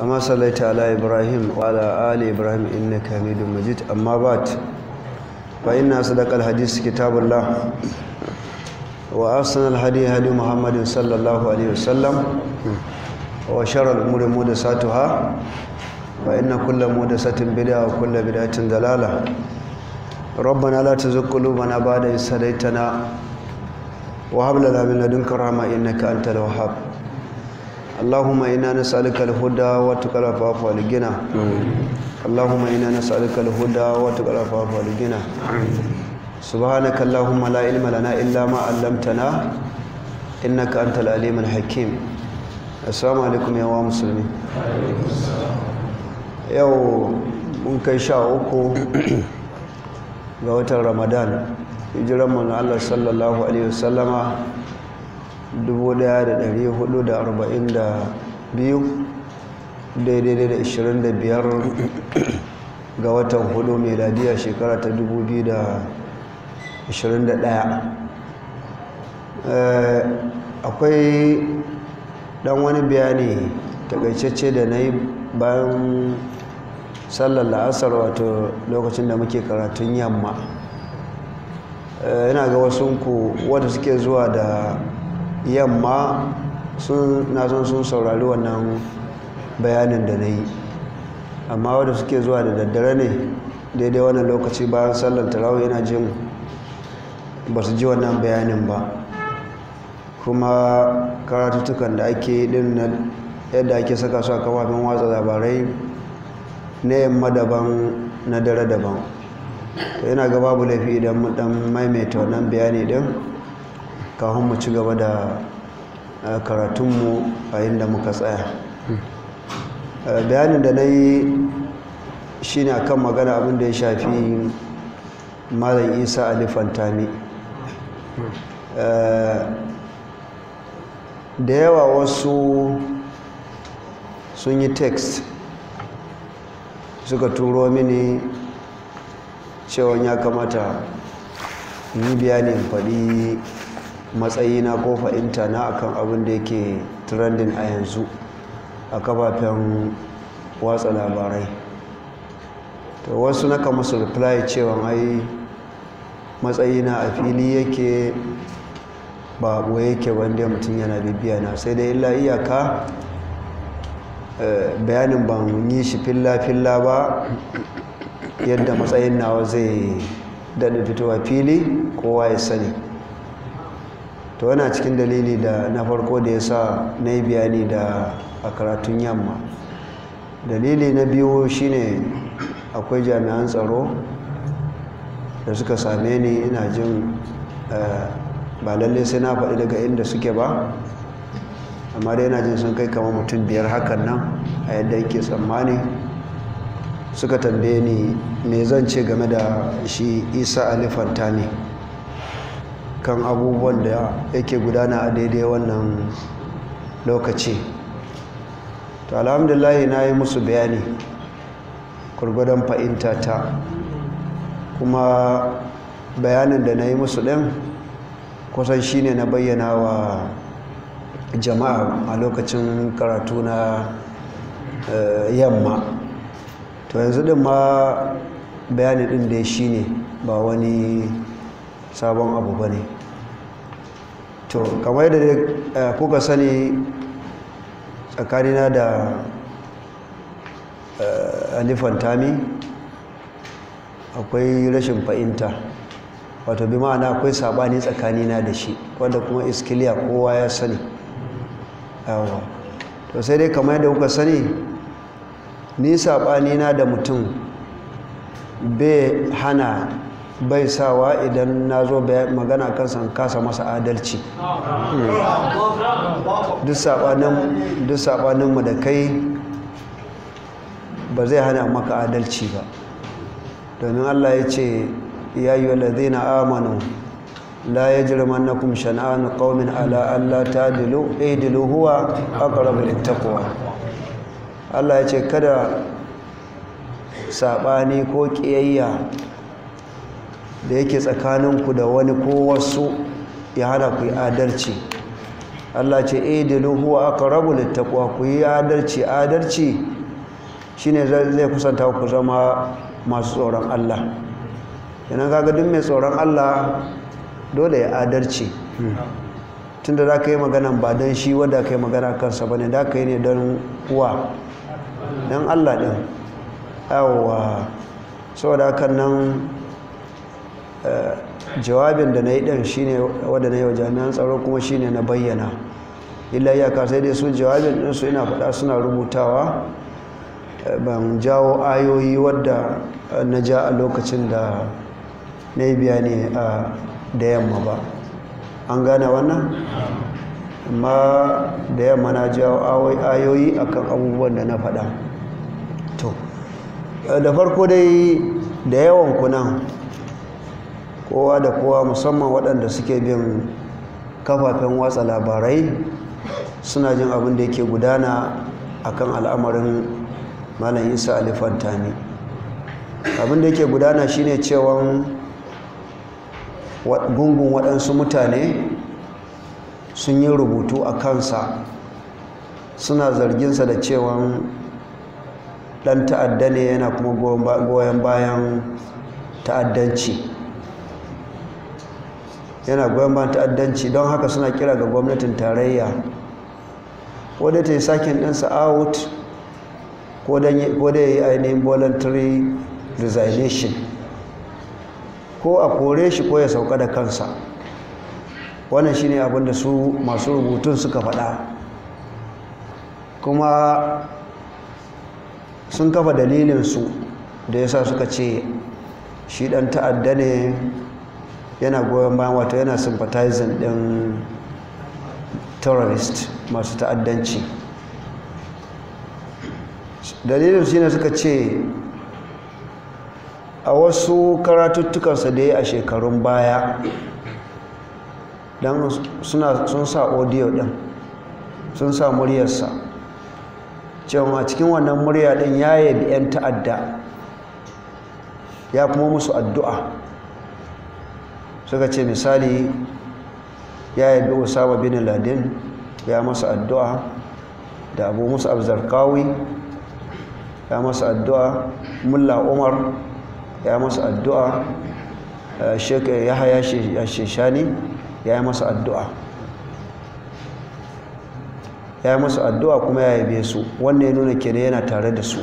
kama salaita ala ibrahim wa ala ali ibrahim inna kamilu majid amma ba fa inna sadaqal hadis kitabullah wa arsalal hadi hadi muhammadin sallallahu alaihi wasallam wa sharal umuri mudasatuha fa inna kulla mudasatin bid'a wa kulla bid'atin dalala ربنا لا تزغ قلوبنا بعد إذ هديتنا وهب لنا من لدنك رحمة إنك أنت الوهاب اللهم إنا نسألك الهدى واتقى العفاف والغنى اللهم إنا نسألك الهدى واتقى العفاف والغنى سبحانك اللهم لا علم لنا إلا ما علمتنا إنك أنت العليم الحكيم السلام عليكم يا مسلمين yau mun kai sha uku ga watan ramadan hijiran manzo Allah sallallahu alaihi wasallama 1442 daidai 25 ga watan hudu meladiya shekara ta 2021 eh, akwai dan wani bayani takaicacce da na yi bayan sallar la'asar wato lokacin da muke karatun yamma yana eh, ga wasu ku wadda suke zuwa da yamma sun na son sun saurari wannan bayanin da na yi amma wadda suke zuwa da daddare ne daidai wannan lokaci bayan sallar tarawih yana jin ba su ji wannan bayanin ba kuma karatutukan da ake din na yadda ake saka su a kafafen watsa labarai na yamma daban na dare daban yana ga babu laifi idan mu maimaita wannan bayani din kawon mu ci gaba da eh, karatunmu a inda muka tsaya eh, bayanin da na yi shi ne akan magana abin da ya shafi malam isa alifantami eh, da yawa wasu sun yi text suka turo mini cewa ya kamata yi bayani faɗi matsayina ko fahimta na akan abin da yake trending a yanzu a kafafen watsa labarai to wasu na kama su reply cewa ai matsayina a fili yake ba kuwa yake wanda mutum yana bibiya na sai dai illa iyaka eh, bayanin ban yi shi filla-filla ba yadda matsayin nawa zai daɗin fitowa fili kowa ya sani to yana cikin dalili da na farko da ya sa na yi bayani da a karatun yamma dalili na biyu shine akwai jami'an tsaro da suka same ni ina jin eh, ba lalle sai na faɗi daga inda suke ba amma dai yana jin sun kai kama mutum biyar hakan nan a yadda yake tsammani suka tambaye ni me zan ce game da shi isa alifanta ne kan abubuwan da yake gudana a daidai wannan lokaci to alhamdulahi na yi musu bayani kurgudan fahimta ta kuma bayanin da na yi musu ɗin kusan shi ne na bayyana wa jama'a a lokacin karatu na eh, yamma to yanzu ɗin ma bayanin ɗin da shi ne ba wani sabon abu ba ne to kamar yadda eh, kuka sani tsakanina da eh, alifan tami akwai rashin fahimta wato bi ma'ana akwai sabani tsakanina da shi wanda kuma iskiliya kowa ya sani to sai dai kamar da kuka sani ni saɓanina da mutum bai hana bai sawa idan na zo magana kansa kasa masa adalci hmm. duk saɓaninmu da kai ba zai hana maka adalci ba domin allah ya ce ya yi walazi na amanu la ya jirman na kuma shana'anu ƙaumin ala allah ta dilu dilu huwa takowa allah ya ce kada saɓani ko ƙiyayya da yake tsakaninku da wani ko wasu ya hana ku yi adalci Allah ce eh da huwa rabu littaqwa ku yi adalci adalci shine zai kusanta ku zama masu tsoron Allah idan kaga duk mai tsoron Allah dole ya adalci tunda za ka yi magana ba don shi wanda ka yi magana kansa ba ne da ka yi ne don uwa don Allah ɗin yawwa saboda hakan nan Eh, jawabin da na yi shi shine wadda na yi wa jami'an tsaro kuma shi ne na bayyana illa iyaka sai dai su jawabin ɗinsu ina faɗa suna rubutawa eh, ban jawo ayoyi wadda na ja a lokacin da na yi ne a da yamma ba an gane wannan amma da yamma na jawo ayoyi akan abubuwan da na faɗa to eh, da farko dai da yawan kunan kowa da kowa musamman waɗanda suke bin kafafen watsa labarai suna jin abin da yake gudana akan al'amarin malam isa alifantani abin da yake gudana shine cewa gungun waɗansu mutane sun yi rubutu a kansa suna zarginsa da cewa ɗan ta'adda ne yana kuma goyon bayan ta'addanci yana goyon ban ta'addanci don haka suna kira ga gwamnatin tarayya wadda ta yi sakin ɗinsa out ko da ya yi ainihin voluntary resignation ko a kore shi ko ya sauka da kansa wannan shine abin da su masu rubutun suka faɗa kuma sun kafa dalilinsu da ya sa suka ce shi ɗan ta'adda ne yana goyon bayan wata yana sympathizing din terrorist masu ta'addanci dalilin shine suka ce a wasu karatuttukansa da ya a shekarun baya don sun sa audio din sun sa muryarsa cewa cikin wannan murya din ya yi 'yan ta'adda ya kuma musu addu'a suka ce misali ya yabi usama bin ladin ya masa addu'a da abu musa abzarkawi ya masa addu'a mulla umar ya masa addu'a eh, shekai ya haya ya yi masa addu'a ya yi masa addu'a kuma ya yabe su wannan ya nuna kere yana tare da su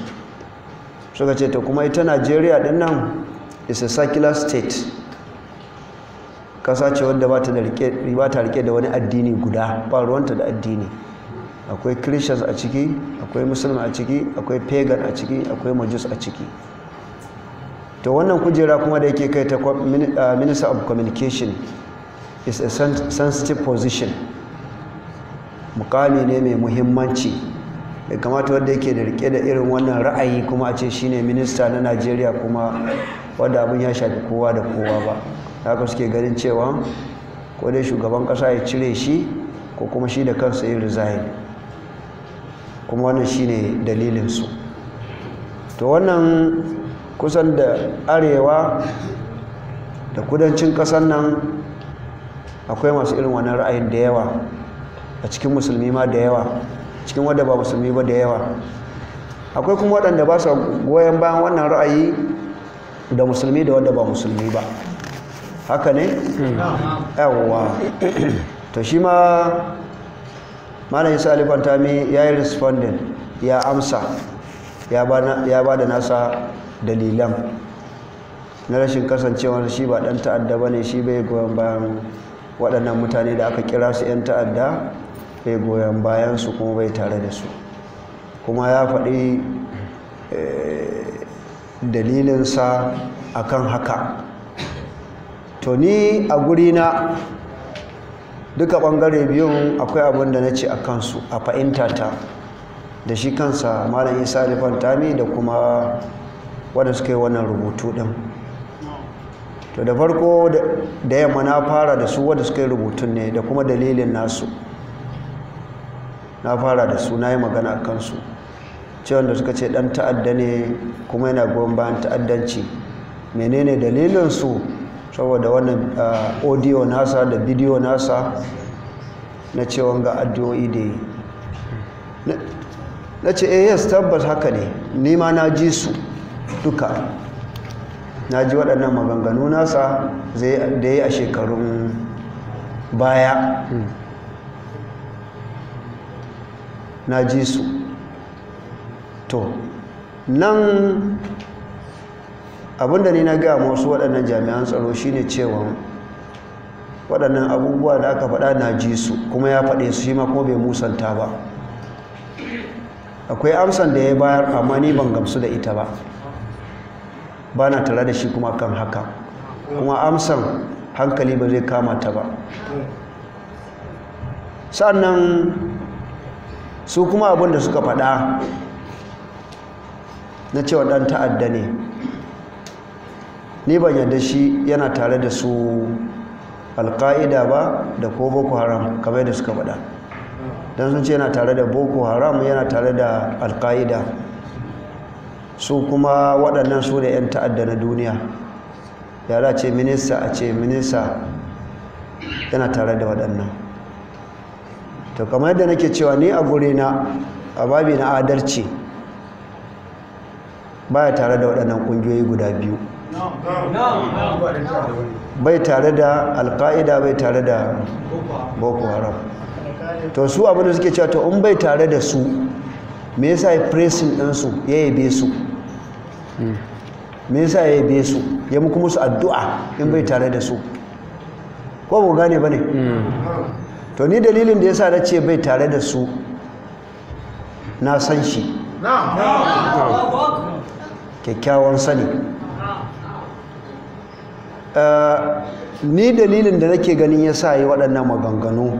suka ce ta kuma ita najeriya din nan is a circular state ƙasa ce wadda ba ta rike da wani addini guda ba ruwanta da addini akwai christians a ciki akwai musulman a ciki akwai pagan a ciki akwai majus a ciki to wannan kujera kuma da yake kai ta uh, minister of communication is a sensitive position mukami ne mai muhimmanci da kamata wanda yake da rike da irin wannan ra'ayi kuma a ce shine minista na najeriya kuma wadda abin ya shafi kowa da kowa ba haka suke ganin cewa ko dai shugaban kasa ya cire shi ko kuma shi da kansa ya resign kuma wannan shine dalilinsu to wannan kusan da arewa da kudancin kasan nan akwai masu irin wannan ra'ayin da yawa a cikin musulmi ma da yawa cikin wadda ba musulmi ba da yawa akwai kuma waɗanda ba su goyon bayan wannan ra'ayi da musulmi da wadda ba musulmi ba haka ne yawwa to shi ma malam isa alifantami ya yi responden ya amsa ya ba da nasa dalilan na rashin kasancewar shi ba dan ta'adda ba ne shi bai goyon bayan waɗannan mutane da aka kira su 'yan ta'adda bai goyon bayan su kuma bai tare da su kuma ya faɗi eh, dalilinsa a kan haka to ni a gurina duka bangare biyun akwai abin da na ce a kansu a fa'inta ta da shi kansa malam isa tami da kuma wadda suka yi wannan rubutu din to da farko da yamma na fara da su wadda suka yi rubutun ne da kuma dalilin nasu na fara da su na yi magana a kansu cewa da suka ce dan ta'adda ne kuma yana goyon bayan ta'addanci menene dalilin su? saboda wannan uh, audio nasa da bidiyo nasa na cewa ga addu'o'i da yi na ce eh yes tabbas haka ne nima na ji su duka na ji waɗannan maganganu nasa da yi a shekarun baya na ji su to nan abinda ni na gaya wasu waɗannan jami'an tsaro shine cewa waɗannan abubuwa da aka faɗa na ji su kuma ya faɗe su shi ma kuma bai musanta ba akwai amsan da ya bayar amma ni ban gamsu da ita ba ba na tare da shi kuma kan haka kuma amsan hankali ba zai kama ta ba sannan su kuma abinda suka faɗa na cewa ɗan ta'adda ne ni ban yadda shi yana tare da su alka'ida ba da ko boko haram kamar da suka faɗa don sun ce yana tare da boko haram yana tare da alka'ida su kuma waɗannan su ne 'yan ta'adda na duniya yara ce minista a ce minista yana tare da waɗannan to kamar yadda nake cewa ni a guri na a babi na adalci baya tare da waɗannan ƙungiyoyi guda biyu bai tare da alka'ida bai tare da boko haram to su abinda suke cewa to in bai tare da su me yasa ya presin ɗansu ya yabe su me yasa ya yabe su ya muku musu addu'a in bai tare da su ko ba gane ba ne to ni dalilin da yasa na ce bai tare da su na san shi kyakkyawan sani Eh, ni dalilin da nake ganin ya sa yi waɗannan maganganu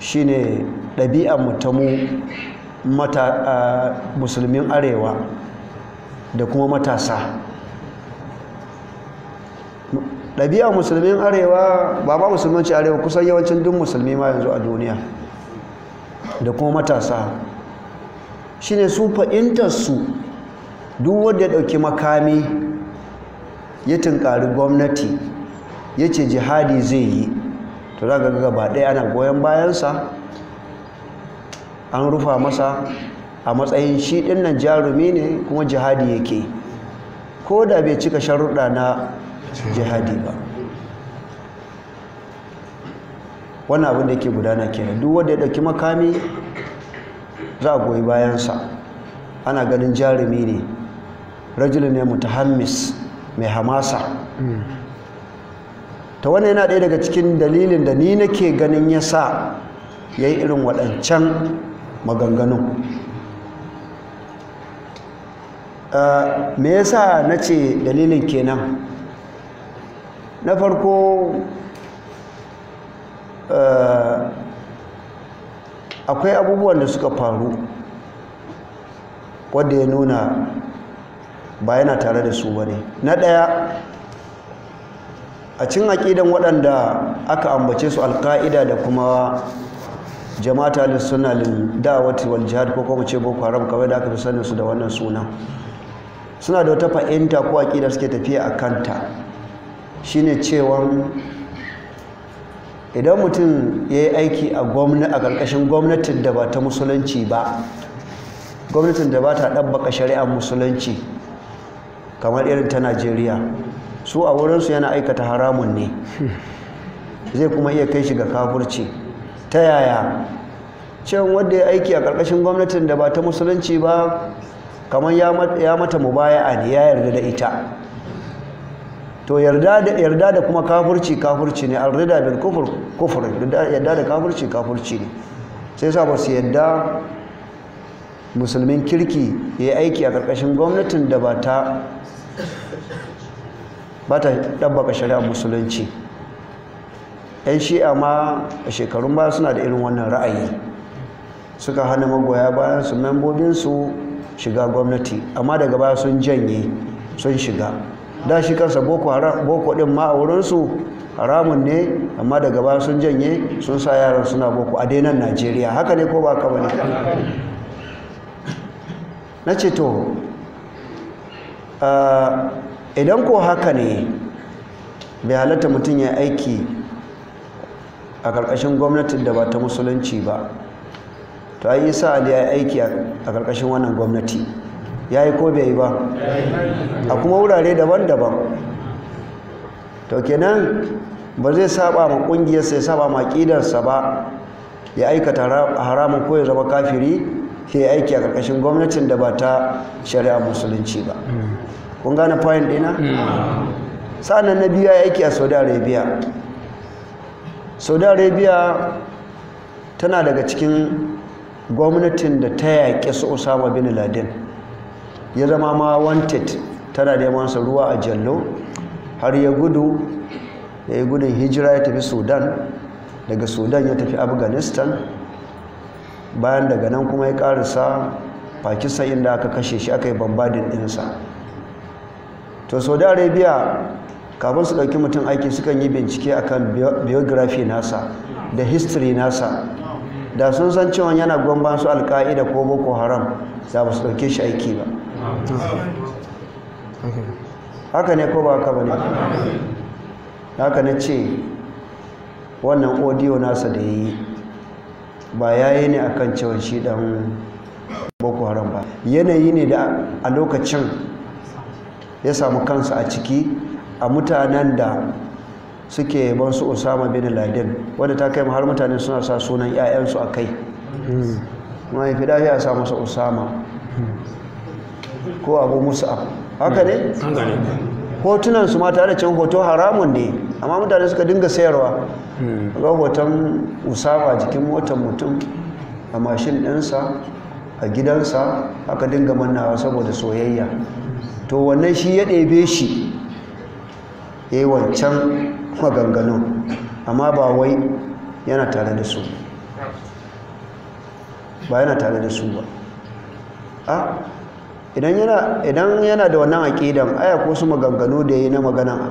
shine ɗabi'a mutamu mata eh, musulmin arewa da kuma matasa ɗabi'a musulmin arewa ba ba musulmanci arewa kusan yawancin duk musulmi ma yanzu a duniya da kuma matasa shine su fa'intarsu duk wanda ya ɗauki makami ya tunkari gwamnati ya ce jihadi zai yi to za ga gaba ɗaya ana goyon bayansa an rufa masa a matsayin shi ɗin nan jarumi ne kuma jihadi yake ko da bai cika sharuɗa na jihadi ba wani abin da ke gudana kenan duk wanda ya ɗauki makami za a goyi bayansa ana ganin jarumi ne rajulun ne mutahammis mai hamasa ta wani yana ɗaya daga cikin dalilin da ni nake ganin ya sa ya yi irin waɗancan maganganun me yasa na ce dalilin kenan na farko akwai abubuwan da suka faru wadda ya nuna ba yana tare da su ba ne na ɗaya a cin aƙidan waɗanda aka ambace su alƙa'ida da kuma jama'ata lissuna da'awati wal jihad ko kuma ce boko haram kawai da aka fi sanin su da wannan suna suna da wata fahimta ko aƙida suke tafiya a kanta shine cewa idan mutum ya yi aiki a ƙarƙashin gwamnatin da ba ta musulunci ba gwamnatin da ba ta ɗabbaka shari'ar musulunci kamar irin ta najeriya su a wurinsu yana aikata haramun ne zai kuma iya kai shi ga kafurci ta yaya cewa wadda ya aiki a ƙarƙashin gwamnatin da ba ta musulunci ba kamar ya mata baya a ya yarda da ita to yarda da kuma kafurci kafurci ne alrida bin kufur kufur yarda da kafurci kafurci ne sai sa ba su yarda musulmin kirki ya yi aiki a ƙarƙashin gwamnatin da ba ta ɗabbaka shari'a musulunci 'yan shi'a ma a shekarun baya suna da irin wannan ra'ayi suka hana magoya bayan su membobinsu shiga gwamnati amma daga baya sun janye sun shiga da shi kansa boko ɗin ma a wurinsu haramun ne amma daga baya sun janye sun sa yaran suna boko a dainan najeriya haka ne ko ba ka ne. na ce to idan ko haka ne bai halatta mutum ya aiki a ƙarƙashin gwamnatin da ba ta musulunci ba to ayi sa ali ya aiki a ƙarƙashin wannan gwamnati ya yi ko bai yi ba a kuma wurare daban-daban to kenan ba zai saba ma ƙungiyarsa ya saba ma ƙidarsa ba ya aikata haramun ko ya zama kafiri ke aiki a ƙarƙashin gwamnatin da ba ta shari'a musulunci ba kun gane fayin dina sa'annan na biyu ya aiki a saudi arabia saudi arabia tana daga cikin gwamnatin da ta yaƙi su osama bin laden ya zama ma wanted tana neman sa ruwa a jallo har ya gudu ya yi gudun hijira ya tafi sudan daga sudan ya tafi afghanistan bayan daga nan kuma ya karisa pakistan inda aka kashe shi aka yi bambadin ɗinsa to saudi arabia kafin su ɗauki mutum aiki sukan yi bincike akan biography nasa da history nasa da sun san cewa yana gwamban su alka'ida ko boko haram za ba su ɗauke shi aiki ba haka ne ko ba haka ba ne haka na ce wannan audio nasa da ya yi ba ya yi ne akan cewa shi dan boko haram ba yanayi ne da a lokacin ya samu kansa a ciki a mutanen da suke ban su osama bin laden wadda ta kai har mutane suna sa sunan 'ya'yansu a kai hmm. mahaifi da ya sa masa osama ko abu musa haka ne? hotunan su ma tare can hoto haramun ne amma mutane suka dinga sayarwa rahoton usama jikin motar mutum a mashin ɗinsa a gidansa aka dinga mannawa saboda soyayya to wannan shi ya ɗebe shi ya yi wancan maganganun amma ba wai yana tare da su ba yana tare da su ba a idan yana da wannan aƙidan aya ko su maganganu da ya yi na magana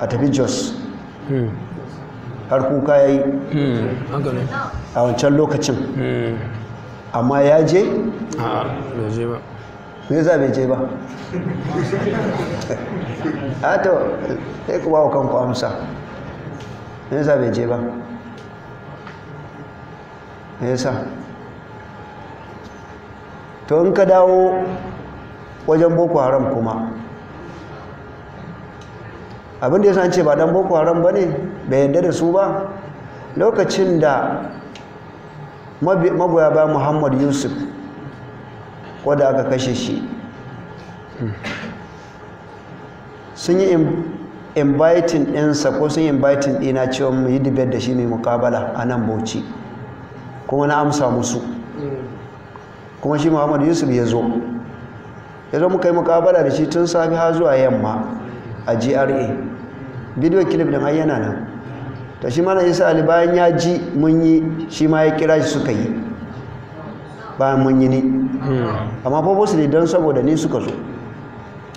a tafi jos hmm. har kuka ya yi a wancan lokacin amma ya je? ba me za bai je ba a ta sai ku wa kanku amsa me za bai je ba me yasa to in ka dawo wajen boko haram kuma abinda ya san ce ba dan boko haram ba ne bai yarda da su ba lokacin da magoya ba muhammad yusuf wadda aka kashe shi sun yi inviting ɗinsa ko sun yi inviting ɗina cewa mu yi dibiyar da shi mai mukabala a nan bauchi kuma na amsa musu kuma shi muhammad yusuf ya zo ya zo muka yi mukabala da shi tun safi ha zuwa yamma a gra bidiyo kilif din ayyana nan ta shi mana isa ali bayan ya ji mun yi shi ma ya kira shi suka yi bayan mun yi ni amma fa bosu ne don saboda ni suka zo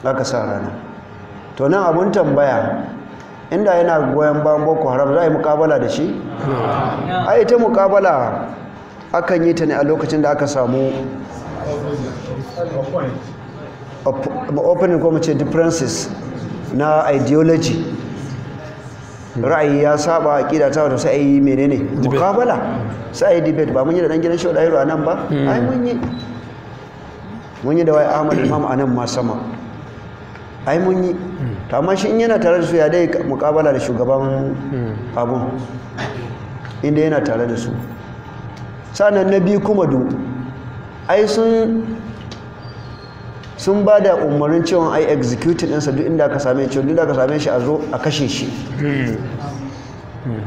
aka sa rana to nan abun tambaya inda yana goyon bayan boko haram za a yi mukabala da shi a ita mukabala akan yi ta ne a lokacin da aka samu opening ko mace differences na ideology ra'ayi ya saba a kida ta wata sai yi menene mukabala sai yi debate ba mun yi da dan gidan Shehu Dahiru a nan ba hmm. ai mun yi mun yi da wai Ahmad Imam a nan ma sama ai mun yi hmm. to amma shi in yana tare da su ya dai mukabala da shugaban hmm. abun inda yana tare da su sannan na biyu kuma du ai sun sun ba da umarnin cewa ai executing ɗinsa duk inda ka same shi duk inda aka same shi a zo a kashe shi hmm.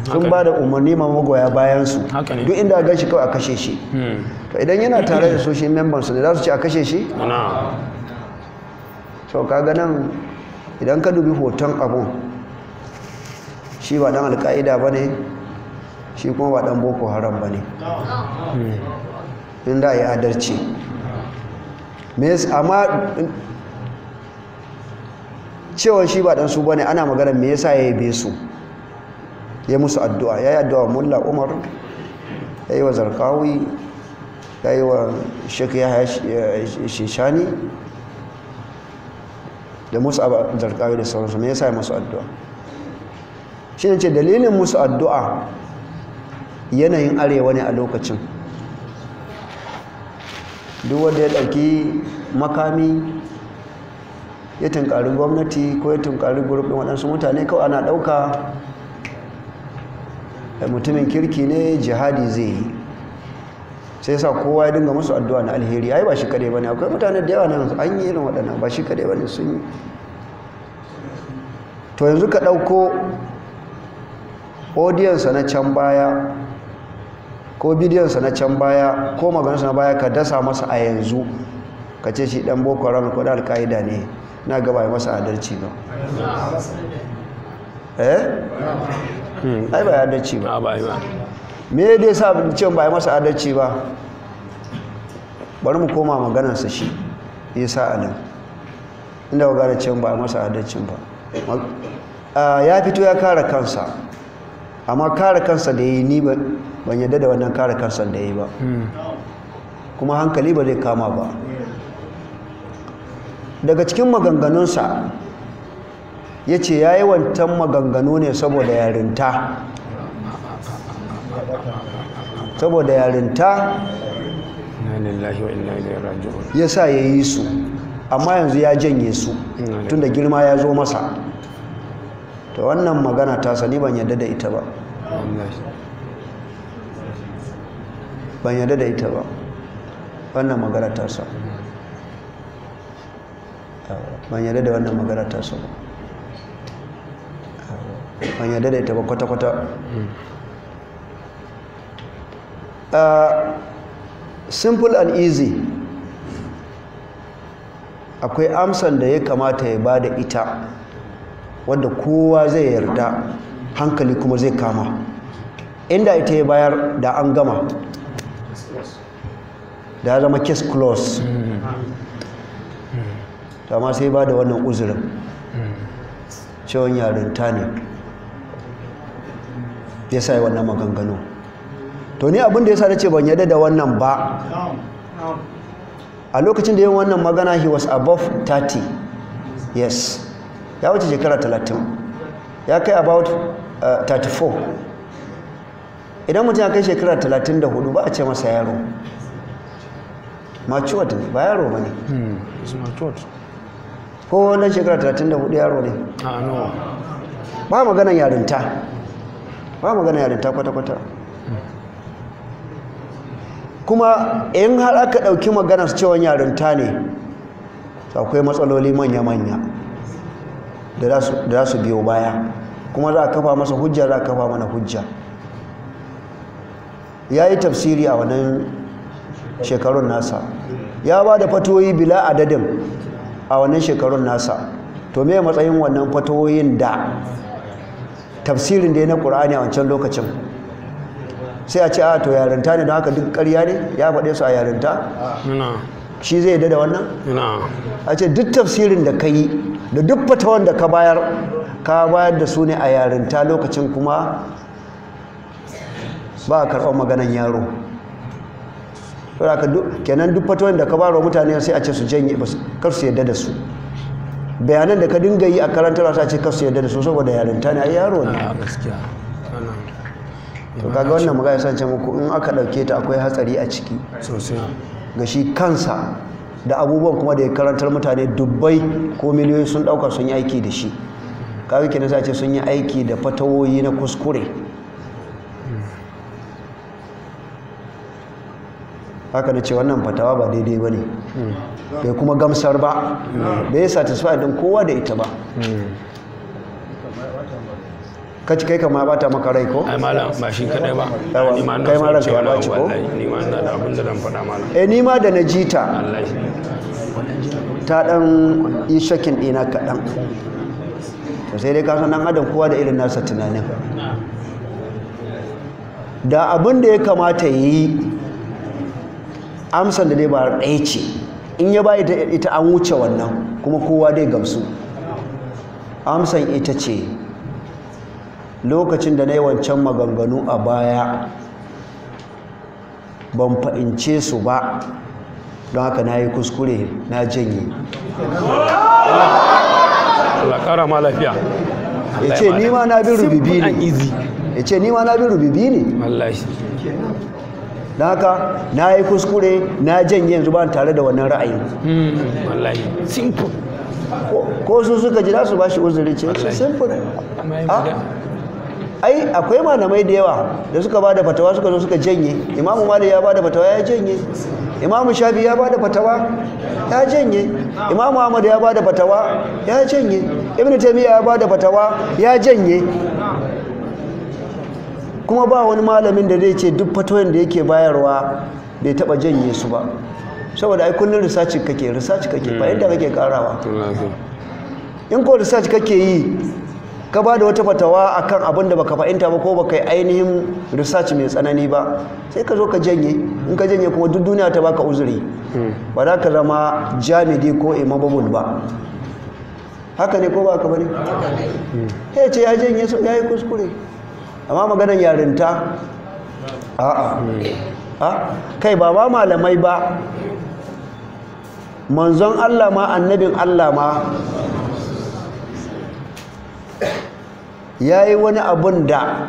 sun ba da umarni ma magoya bayan su duk inda ga shi kawai a kashe shi hmm. to idan yana tare da social members ne za su ce a kashe shi so kaga nan idan ka dubi hoton abun shi ba dan alka'ida ba ne shi kuma ba dan boko haram ba ne hmm. inda ya adalci amma cewa shi ba ɗansu su ne, ana magana me yasa ya yabe su ya musu addu'a ya yi addu'a mulla umar ya yi wa zarkawi ya yi wa shek ya shishani da musu abu zarkawi da sauransu me yasa ya musu addu'a shi ne ce dalilin musu addu'a yanayin arewa ne a lokacin duk wanda ya ɗauki makami ya tunkari gwamnati ko ya tunkari gurbin waɗansu mutane kawai ana ɗauka eh, mutumin kirki ne jihadi zai yi sai sa kowa ya dinga musu addu'a na alheri ai ba shi ba ne akwai mutane da yawa yanzu an yi irin waɗannan ba shi ba ne sun yi to yanzu ka ɗauko audiyansa na can baya ko bidiyonsa na can baya ko maganarsa na baya ka dasa masa a yanzu ka ce shi dan boko haram ko da alkaida ne na gaba ya masa adalci ba eh hmm, ai ba adalci ba ah, me dai sa ce ba ya masa adalci ba bari mu koma maganarsa shi ya sa anan inda ga gane cewa ba ya masa adalci ba ah, ya fito ya kare kansa amma kare kansa da ya yi ni ban yadda da wannan kare kansa da ya yi ba hmm. kuma hankali ba zai kama ba daga cikin maganganunsa ya ce ya yi wantan maganganu ne saboda yarinta saboda yarinta ya sa ya yi su amma yanzu ya janye su tunda girma ya zo masa to wannan magana ta sani ban yadda da ita ba ban yadda da ita ba wannan magana ta sa ban yadda da wannan magana ta sa ban yadda da ita ba kwata-kwata simple and easy akwai amsan da ya kamata ya ba da ita Wanda kowa zai yarda hankali kuma zai kama inda ita ya bayar da an gama da ya zama case close ma sai ba da wannan uzurin cewon yarinta ne ya sa yi wannan maganganu to ni abinda ya sa na ce ban yada da wannan ba a lokacin da yin wannan magana he was above 30 yes ya wuce shekara 30 ya kai about 34 uh, idan mutum ya kai shekara 34 ba a ce masa yaro matured ne ba yaro ba ne hmm, ko wannan shekara 34 yaro ne ah, ba maganan yarinta ba maganan yarinta kwata-kwata kuma in har aka ɗauki maganar cewa yarinta ne akwai matsaloli manya-manya da za su biyo baya kuma za a kafa masa hujja za a kafa mana hujja ya yi tafsiri a wannan shekarun nasa ya ba da fatoyi bila adadin a wannan shekarun nasa to me matsayin wannan fatoyin da tafsirin da ya na ƙura'ani a wancan lokacin sai a ce a ah, to yarinta ne don haka duk karya ne ya faɗe su a yarinta shi zai da wannan a ce duk tafsirin da ka yi da duk fatawan da ka bayar ka bayar da su ne a yarinta lokacin kuma ba a karɓar maganan yaro kenan duk fatawan da ka bayar wa mutane sai a ce su janye kar su yadda da su bayanan da ka dinga yi a karantar ta ce kar su yadda da su saboda yarinta ne a yaro ne to kaga wannan magana sace muku in aka dauke ta akwai hatsari a ciki sosai ga shi kansa da abubuwan kuma da ya karantar mutane dubbai ko miliyoyi sun ɗauka sun yi aiki da shi kawai kenan sai ce sun yi aiki da fatawoyi na kuskure haka da ce wannan fatawa ba daidai ba ne hmm. bai kuma gamsar ba hmm. bai satisfied din kowa da ita ba hmm. ka ci kai kama ba ta maka rai ko? ai malam ba shi kadai ba ni ma kai ma ranka ya baci ko? ni ma na da abin da zan faɗa malam eh ni ma da na ji ta ta dan yi shakin ɗina kaɗan to sai dai kasan nan adam kowa da irin nasa tunanin da abin da ya kamata ya yi amsan da dai ba ɗaya ce in ya ba ita an wuce wannan kuma kowa dai gamsu amsan ita ce lokacin da na yi wancan maganganu a baya ban fa'ince su ba don haka na yi kuskure na janye ya ce nima na bin rubibi ne ya ce nima na bin rubibi ne don haka na yi kuskure na janye yanzu ba tare da wannan ra'ayi hmm, ko su suka ji za su ba shi uzuri ce simple ai akwai malamai da yawa da suka ba da fatawa suka zo suka janye imamu malik ya ba da fatawa ya janye imamu shafi ya ba da fatawa ya janye imamu ahmad ya ba da fatawa ya janye ibnu taymiya ya ba da fatawa ya janye kuma ba wani malamin da zai ce duk fatoyin da yake bayarwa bai taba janye su ba saboda ai kullun research kake research kake ba yadda kake karawa hmm. in ko research kake yi ka ba da wata fatawa a kan abin da baka fahimta ba ko baka yi ainihin research mai tsanani ba sai ka zo ka janye in ka janye kuma duk duniya ta baka uzuri hmm. ba za ka zama jami'i ko babul ba haka ne ko ba ka bane ya ce ya janye su ya yi kuskure amma maganar yarinta a'a hmm. kai ba ba malamai ba manzon Allah ma annabin Allah ma ya yi wani abun da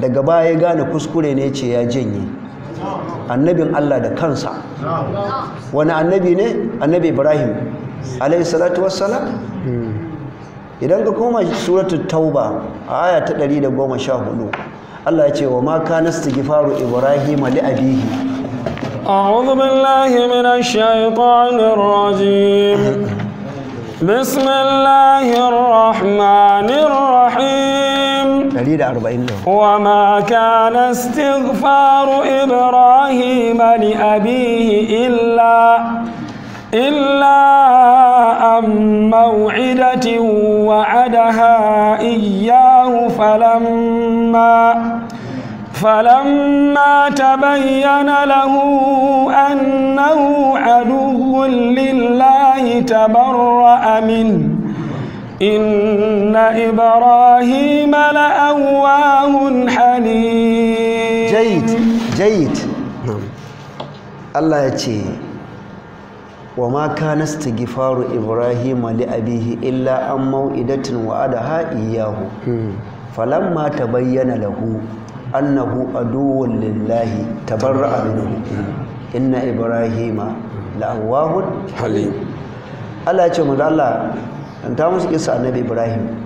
daga baya ya gane kuskure ne ce ya janye annabin Allah da kansa wani annabi ne annabi ibrahim alayhi salatu wassala idan ka koma suratul tauba a aya ta 114 Allah ya ce wa ma kana istighfaru ibrahim li abihi a'udhu billahi minash shaitanir rajim بسم الله الرحمن الرحيم دليل وما كان استغفار إبراهيم لأبيه إلا إلا عن موعدة وعدها إياه فلما فلما تبين له أنه عدو لله تبرأ منه إن إبراهيم لأواه حليم جيد جيد نعم الله يتي وما كان استغفار إبراهيم لأبيه إلا أن موئدة وعدها إياه فلما تبين له annahu aduwwun lillahi tabarra'a minhu inna da la'awwahun halim Allah ya ce mu da an ta musu isa annabi ibrahim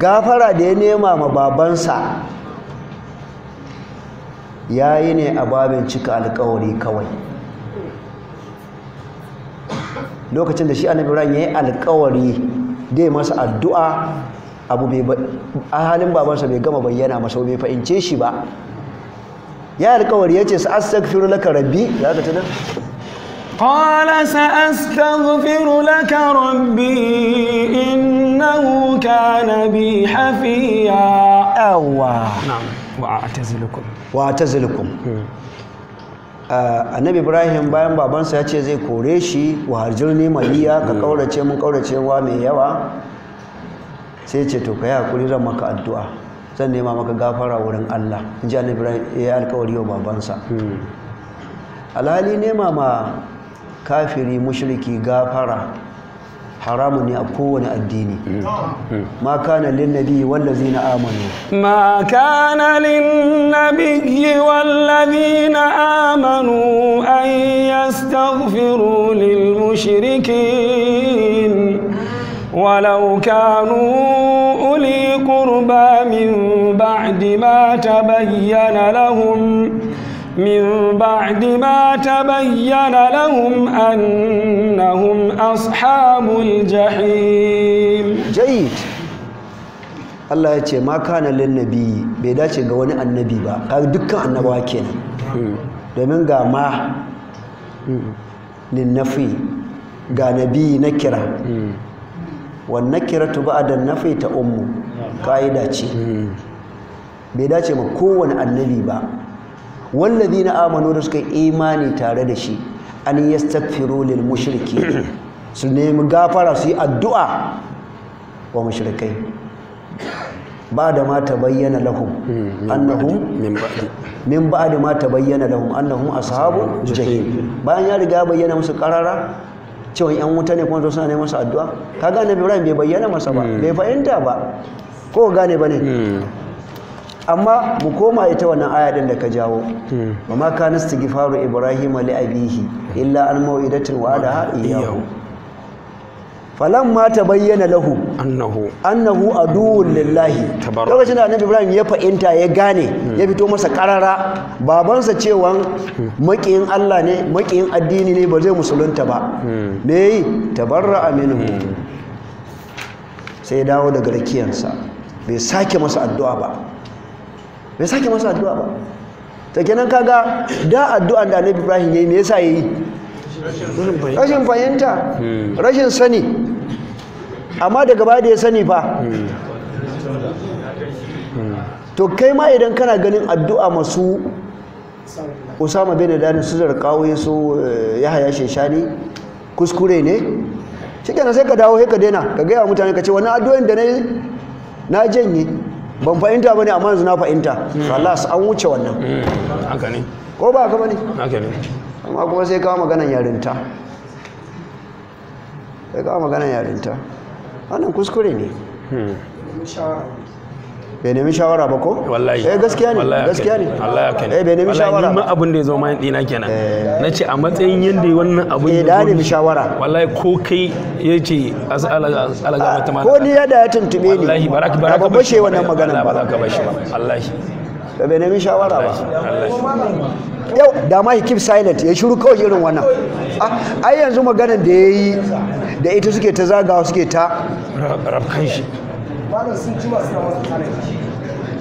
gafara da ya nema ma babansa ya yi ne a babin cika alkawari kawai lokacin da shi annabi ibrahim ya yi alkawari dai masa addu'a abu a halin babansa bai gama bayyana masa bai fahimce shi ba ya alkawari ya ce su sa'astaghfiru laka rabbi za ka tuna qala sa'astaghfiru laka rabbi wuka na bi hafiya awwa na'am wa ta zilikun atazilukum hmm. annabi ibrahim bayan babansa ya ce zai kore shi wa harjirni maliya ka kaurace hmm. mun kauracewa mai yawa sai ce to ka yi hakuri zan maka addu'a zan nema maka gafara wurin Allah in ji annabi ya yi alkawari wa babansa hmm. alhali nema ma kafiri mushriki gafara haramun ne a kowane addini hmm. Hmm. ma kana lin wallazi na amanu ma kana lin wallazi na amanu an yastaghfiru lil mushrikin ولو كانوا أولي قربى من بعد ما تبين لهم من بعد ما تبين لهم أنهم أصحاب الجحيم جيد Allah ya ce ma kana lin bai dace ga wani annabi ba kaga dukkan annabawa kenan domin ga ma ninnafi nabi na kira wannan kiratu ba da nafi ta ummu ka'ida ce bai dace ma kowane annabi ba wallazi na amano da suka imani tare da shi an yi stafiro lil mushriki su nemi gafara su yi addu'a wa mushrikai ba da ma ta bayyana lahum hmm, annahum min da ma ta bayyana lahum annahum ashabu jahim bayan ya riga bayyana musu karara cewa yan wuta ne kuma suna neman su addu'a kaga bai Ibrahim bai bayyana masa ba hmm. bai fahimta ba ko gane ba ne hmm. amma mu koma ita wannan aya din da ka jawo hmm. wa ma kana ibrahim ali abihi illa an mau'idatin wa'adaha iyyahu falamma bayyana lahu annahu annahu aduwwun lillahi lokacin da annabi ibrahim ya fa'inta ya gane ya fito masa karara babansa cewa makiyin Allah ne makiyin addini ne ba zai musulunta ba hmm. me yi tabarra aminu hmm. sai dawo daga rakiyansa bai sake masa addu'a ba bai sake masa addu'a ba ta kenan kaga da addu'a da annabi ibrahim yi me yasa yi? rashin fahimta rashin hmm. sani amma daga baya da ya sani fa to kai ma idan kana ganin addu'a masu usama bin laden su zarkawo su eh, yahaya sheshani kuskure ne shikenan sai ka dawo sai ka daina ka gaya mutane ka ce wani addu'a da na janye ban fahimta bane amma yanzu na fahimta salas an wuce wannan hmm, ko ba ka bane amma kuma sai kawo maganan yarinta sai kawo maganan yarinta wannan kuskure ne hmm. bai nemi shawara ba ko wallahi eh, gaskiya ne gaskiya ne wallahi ya eh, bai nemi shawara ma abin da ya zo ma dina kenan eh. nace a matsayin yanda wannan abin ya da nemi shawara wallahi ko kai yace as'ala alaga mata ko ni ya da ya tuntube ni wallahi baraka baraka ba bashe wannan magana ba za ka bashe ba wallahi bai nemi shawara ba yau da ma keep silent ya shiru kawai irin wannan ah, ai yanzu maganar da yayi da ita suke ta zagawa suke ta rafkan shi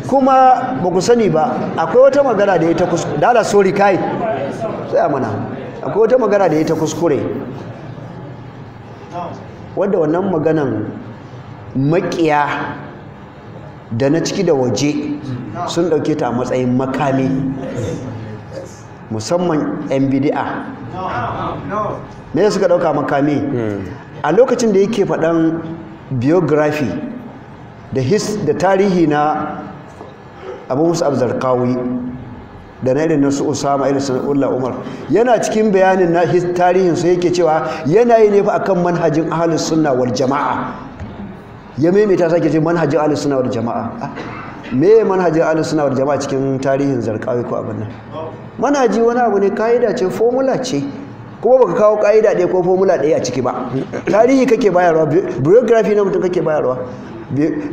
kuma ba ku sani ba akwai wata magana da ita kuskure da sori kai a mana akwai wata magana da ita kuskure wadda wannan maganan makiya da na ciki da waje sun dauke ta a matsayin makami musamman 'yan bidi'a me suka dauka makami hmm. a lokacin da yake faɗan biography da his da tarihi na abu musa abzarkawi da na irin nasu usama irin sana'ullah umar yana cikin bayanin na his tarihin su yake cewa yana yi ne a akan manhajin ahalus Suna wal jama'a ya maimaita sake ce manhajin ahalus Suna wal jama'a ah, me manhajin ahalus Suna wal jama'a cikin tarihin zarkawi ko abin nan manhaji wani abu ne ka'ida ce formula ce kuma baka kawo ka'ida ɗaya ko formula ɗaya a ciki ba tarihi kake bayarwa biography na mutum kake bayarwa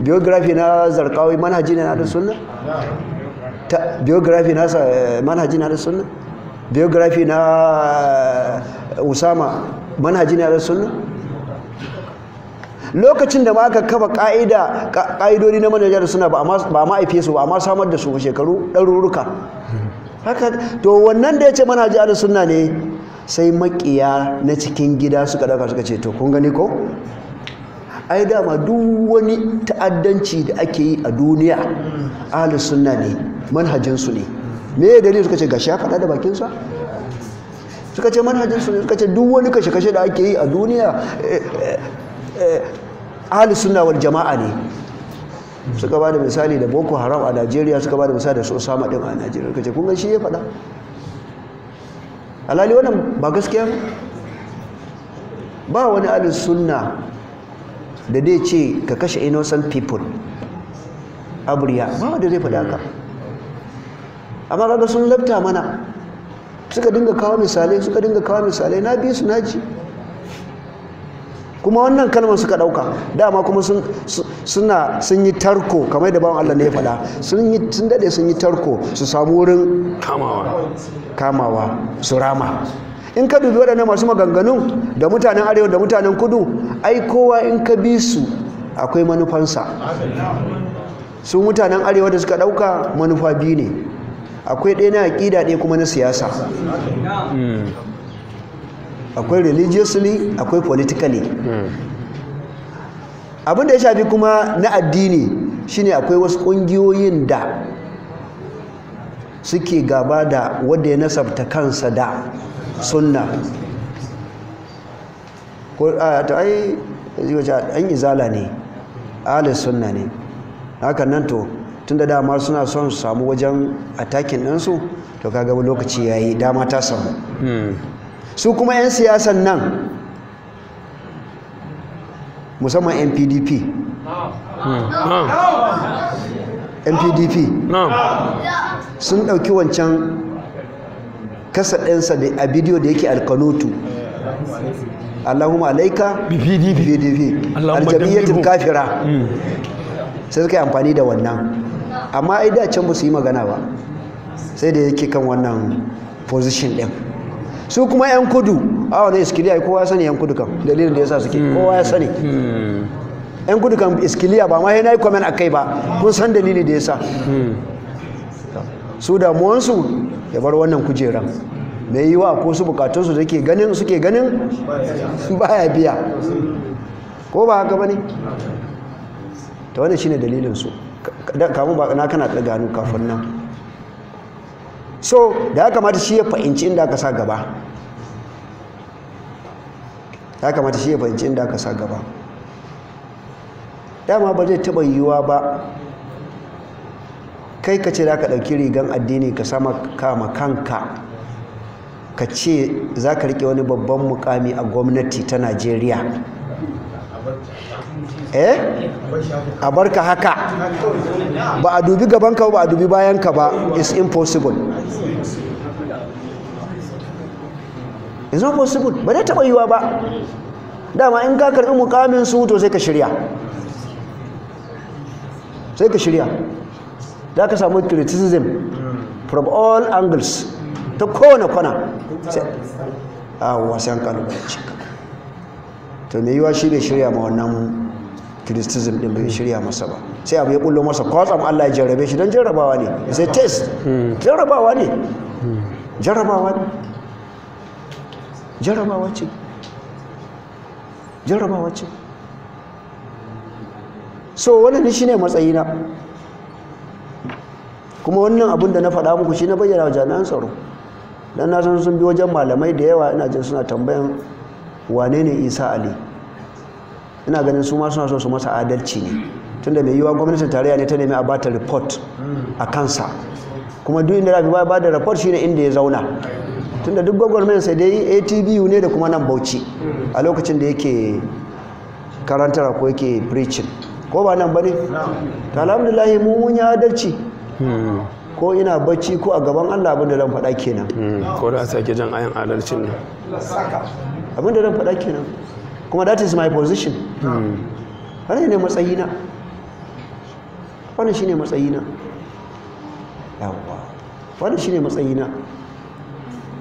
biography na zarkawi manhaji na da sunna biography na manhaji eh, na da sunna biography na usama manhaji na da sunna lokacin da ma aka kafa ka'ida ka'idodi na da suna ba a ma su ba ma samar da su shekaru ɗaruruka haka to wannan da ya ce manhaji da sunna ne sai makiya na cikin gida suka dauka suka ce to kun gani ko ai dama duk wani ta'addanci da ake yi a duniya ahlus sunna ne manhajinsu ne me ya dalili suka ce gashi ya faɗa da bakinsa suka ce manhajinsu ne suka ce duk wani kashe-kashe da ake yi a duniya eh, eh, eh, ahlus sunna wal jama'a ne suka ba da misali da boko haram a najeriya suka ba da misali da su osama din a najeriya suka ce kun shi ya fada. alhali wannan ba gaskiya ba wani alin sunna da dai ce ka kashe innocent people aburya ba wanda zai faɗa haka amma kaga sun lafta mana suka dinga kawo misalai suka dinga kawo misalai na biyu su na ji kuma wannan kalmar suka ɗauka, dama kuma sun suna sun yi tarko kamar da bawan Allah ne ya faɗa sun yi sun dade sun yi tarko su samu wurin kamawa kamawa su rama in ka dubi waɗannan masu maganganun da mutanen arewa da mutanen kudu ai kowa in ka bi su akwai manufansa su mutanen arewa da suka ɗauka manufa biyu ne akwai ɗaya na aƙida ɗaya kuma na siyasa hmm. akwai religiously akwai politically hmm. abinda ya shafi kuma na addini shine akwai wasu kungiyoyin da suke gaba da wadda ya nasabta kansa da sunna ko a ta ai an izala ne alis sunna ne hakan nan to tun da dama suna son samu wajen atakin ɗansu to kaga lokaci ya yi dama ta samu hmm. su kuma 'yan siyasan nan musamman npdp npdp sun ɗauki wancan kasa ɗinsa a bidiyo da yake alkanutu allahumma alaika pdp aljamiyyatin kafira mm. sai suka yi amfani da wannan amma ai da can ba su yi magana ba sai da yake kan wannan position ɗin su kuma yan kudu a wani iskiliya kowa ya sani yan kudu kan dalilin da ya sa suke kowa ya sani hmm, hmm. yan kudu kan iskiliya ba ma yana yi kwamen a kai ba kun san dalili da ya sa hmm. su damuwansu ya bar wannan kujeran mai wa ko su bukatunsu da ke ganin suke ganin baya biya ko ba haka ba ne ta wani shine dalilinsu kamun ba na kana ɗaga hannu kafin nan so da ya kamata shi ya fahimci inda aka sa gaba ya kamata shi ya fahimci inda aka sa gaba dama ba zai taɓa yiwuwa ba kai ka ce za ka ɗauki rigan addini ka sama kama kanka ka ce za ka riƙe wani babban mukami a gwamnati ta najeriya eh a barka haka ba a dubi gabanka ba a dubi bayanka ba it's impossible it's not possible ba dai taɓa yiwa ba dama in ka karɓi mukamin su to sai ka shirya sai ka shirya za ka samu criticism from all angles ta kowane kwana a wasan ka to mai yiwa shi ne shirya ma wannan criticism din bai shirya masa ba sai abu ya bullo masa kwatsam Allah ya jarrabe shi don jarrabawa ne sai test jarrabawa ne jarrabawa ne jarrabawa ce jarrabawa ce so wannan shi ne matsayina kuma wannan abin da na faɗa muku shi na bayyana wa jami'an tsaro dan na san sun bi wajen malamai da yawa ina jin suna tambayan wane ne isa ali ina ganin su ma suna so su masa adalci ne tunda mai yiwuwa gwamnatin tarayya ne ta nemi a ba ta report a kansa kuma duk inda rafi ba da report shine inda ya zauna tunda duk gwagwarmayan sai dai atbu ne da kuma nan bauchi a lokacin da yake karantar ko yake preaching ko ba nan ba ne alhamdulahi mu mun ya adalci ko ina bacci ko a gaban allah abin da zan faɗa kenan hmm, ko da sake jan ayan adalcin nan abin da zan faɗa kenan kuma that is my position wannan ne matsayina wannan shine matsayina shi wannan shine matsayina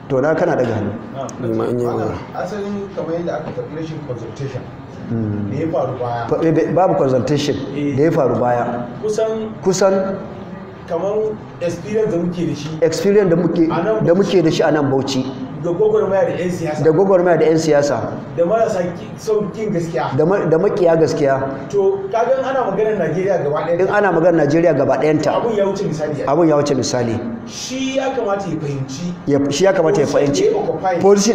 to na kana daga hannu ma in yawa asalin kamar yadda aka tafi rashin consultation da hmm. ya faru baya eh, babu consultation eh. da ya faru baya kusan kusan kamar experience da muke da shi experience da muke da shi a nan Bauchi da gwagwarmaya da 'yan siyasa da 'yan siyasa da marasa saukin gaskiya da makiya gaskiya to kagan ana maganar najeriya gaba ɗaya in ana maganar najeriya gaba ɗayanta abun ya wuce misali ya wuce misali shi ya kamata ya fahimci da ya kamata ya fahimci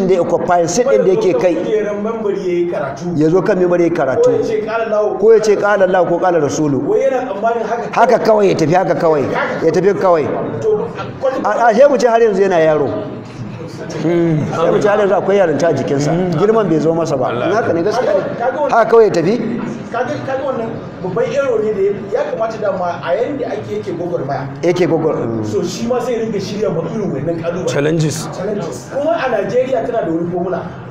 da ya occupy sit din da yake kai ya zo kan member ya karatu ko ya ce kala lau ko kala rasulu haka kawai ya tafi haka kawai ya tafi kawai a mu ce har yanzu yana yaro sai mu akwai yarinta a sa girman bai zo masa ba haka ne gaskiya ne kawai ya tafi babban ero ne da ya kamata da ma a yayin da ake yake gogor mm. so shi ma sai ringa shirya ba irin wannan kuma a Najeriya tana da wani formula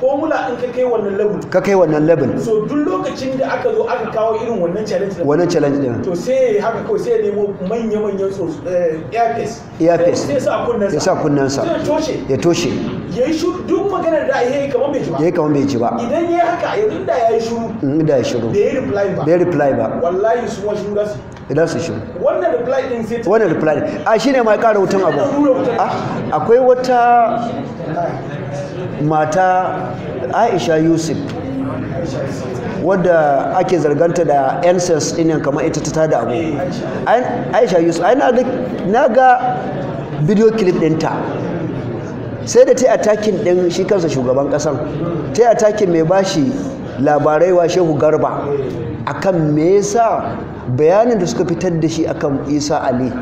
formula in ka kai wannan level ka kai wannan level so duk lokacin da aka zo aka kawo irin wannan challenge din wannan challenge din to sai haka kawai sai ya nemo manya manyan tsotsu eh, earpiece earpiece sai sa kunnan ya sa kunnan sa ya toshe ya toshe yayi shiru duk maganar da yayi kaman bai ji ba yayi kaman bai ji ba idan yayi haka yanzu da yayi shiru in mm, da ya shiru bai reply ba bai reply ba wallahi su wa shiru da su idan su shiru wannan reply din sai wannan reply a shine mai ya kara wutan abu ah, akwai wata mata aisha yusuf wadda ake zarganta da ancest ɗin kamar ita ta tada abu aisha yusuf ai na ga bidiyo clip ɗinta sai da ta yi atakin ɗin shi kansa shugaban ƙasan ta yi atakin mai bashi labarai wa shehu garba akan me yasa bayanin da suka fitar da shi akan isa ali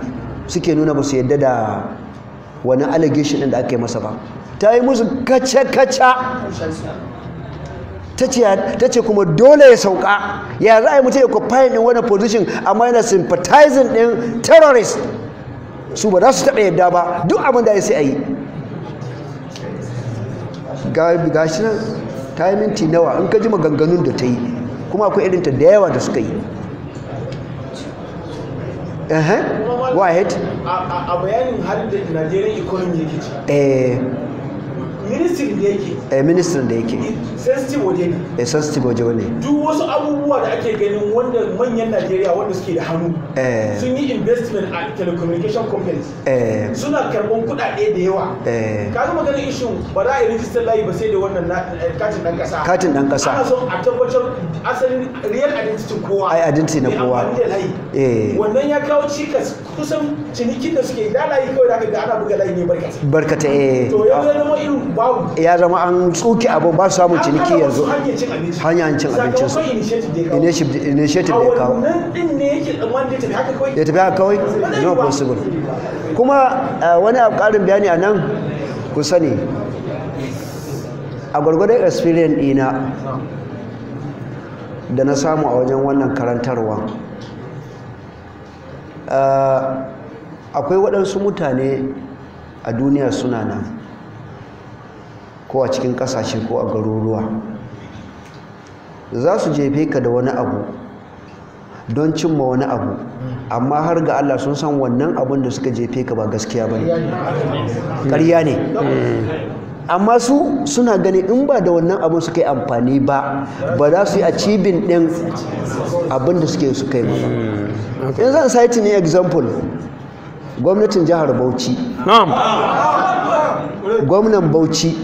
suke nuna ba su yadda da wani allegation ɗin da aka yi masa ba ta yi musu kace-kaca ta ce kuma dole ya sauka ya za a yi mutu ya kwafayin ɗin wani position amma yana sympathizing ɗin terrorist su ba za su taɓa yadda ba duk abin da ya sai a yi ga shi nan ta yi minti nawa in ka ji maganganun da ta yi kuma akwai irinta da yawa da suka yi wahid a bayanin halin da nigerian economy yake ci ministry da yake eh ministry da yake sensitive waje ne eh, duk wasu abubuwa da ake ganin wanda manyan Najeriya wanda suke da hannu eh. sun yi investment a telecommunication companies eh. suna karban kuɗaɗe da yawa ka zama ganin ishin ba za a yi register layi ba sai da wannan katin dan kasa katin dan ana son a tabbatar asalin real identity kowa ai identity na kowa layi. wannan ya kawo cikas kusan cinikin da suke da layi kawai da ana buga layi ne barkata barkata eh to ya zama irin babu ya zama an tsuki abin ba su samun ciniki ciniki yanzu hanyar cin abincin su initiative da ya kawo ya tafi haka kawai no possible kuma eh, wani ƙarin bayani a nan ku sani a gwargwadon experience ɗina da na samu a wajen wannan karantarwa eh, akwai waɗansu mutane a duniya suna nan ko a cikin kasashe ko a garuruwa za su jefe ka da wani abu don cimma wani abu amma har ga Allah sun san wannan abun da suka jefe ka ba gaskiya ba ne ƙarya ne amma su suna gani in ba da wannan abun suka yi amfani ba ba za su yi cibin ɗin abin da suke suka yi ba in zan saiti ne example gwamnatin jihar bauchi gwamnan bauchi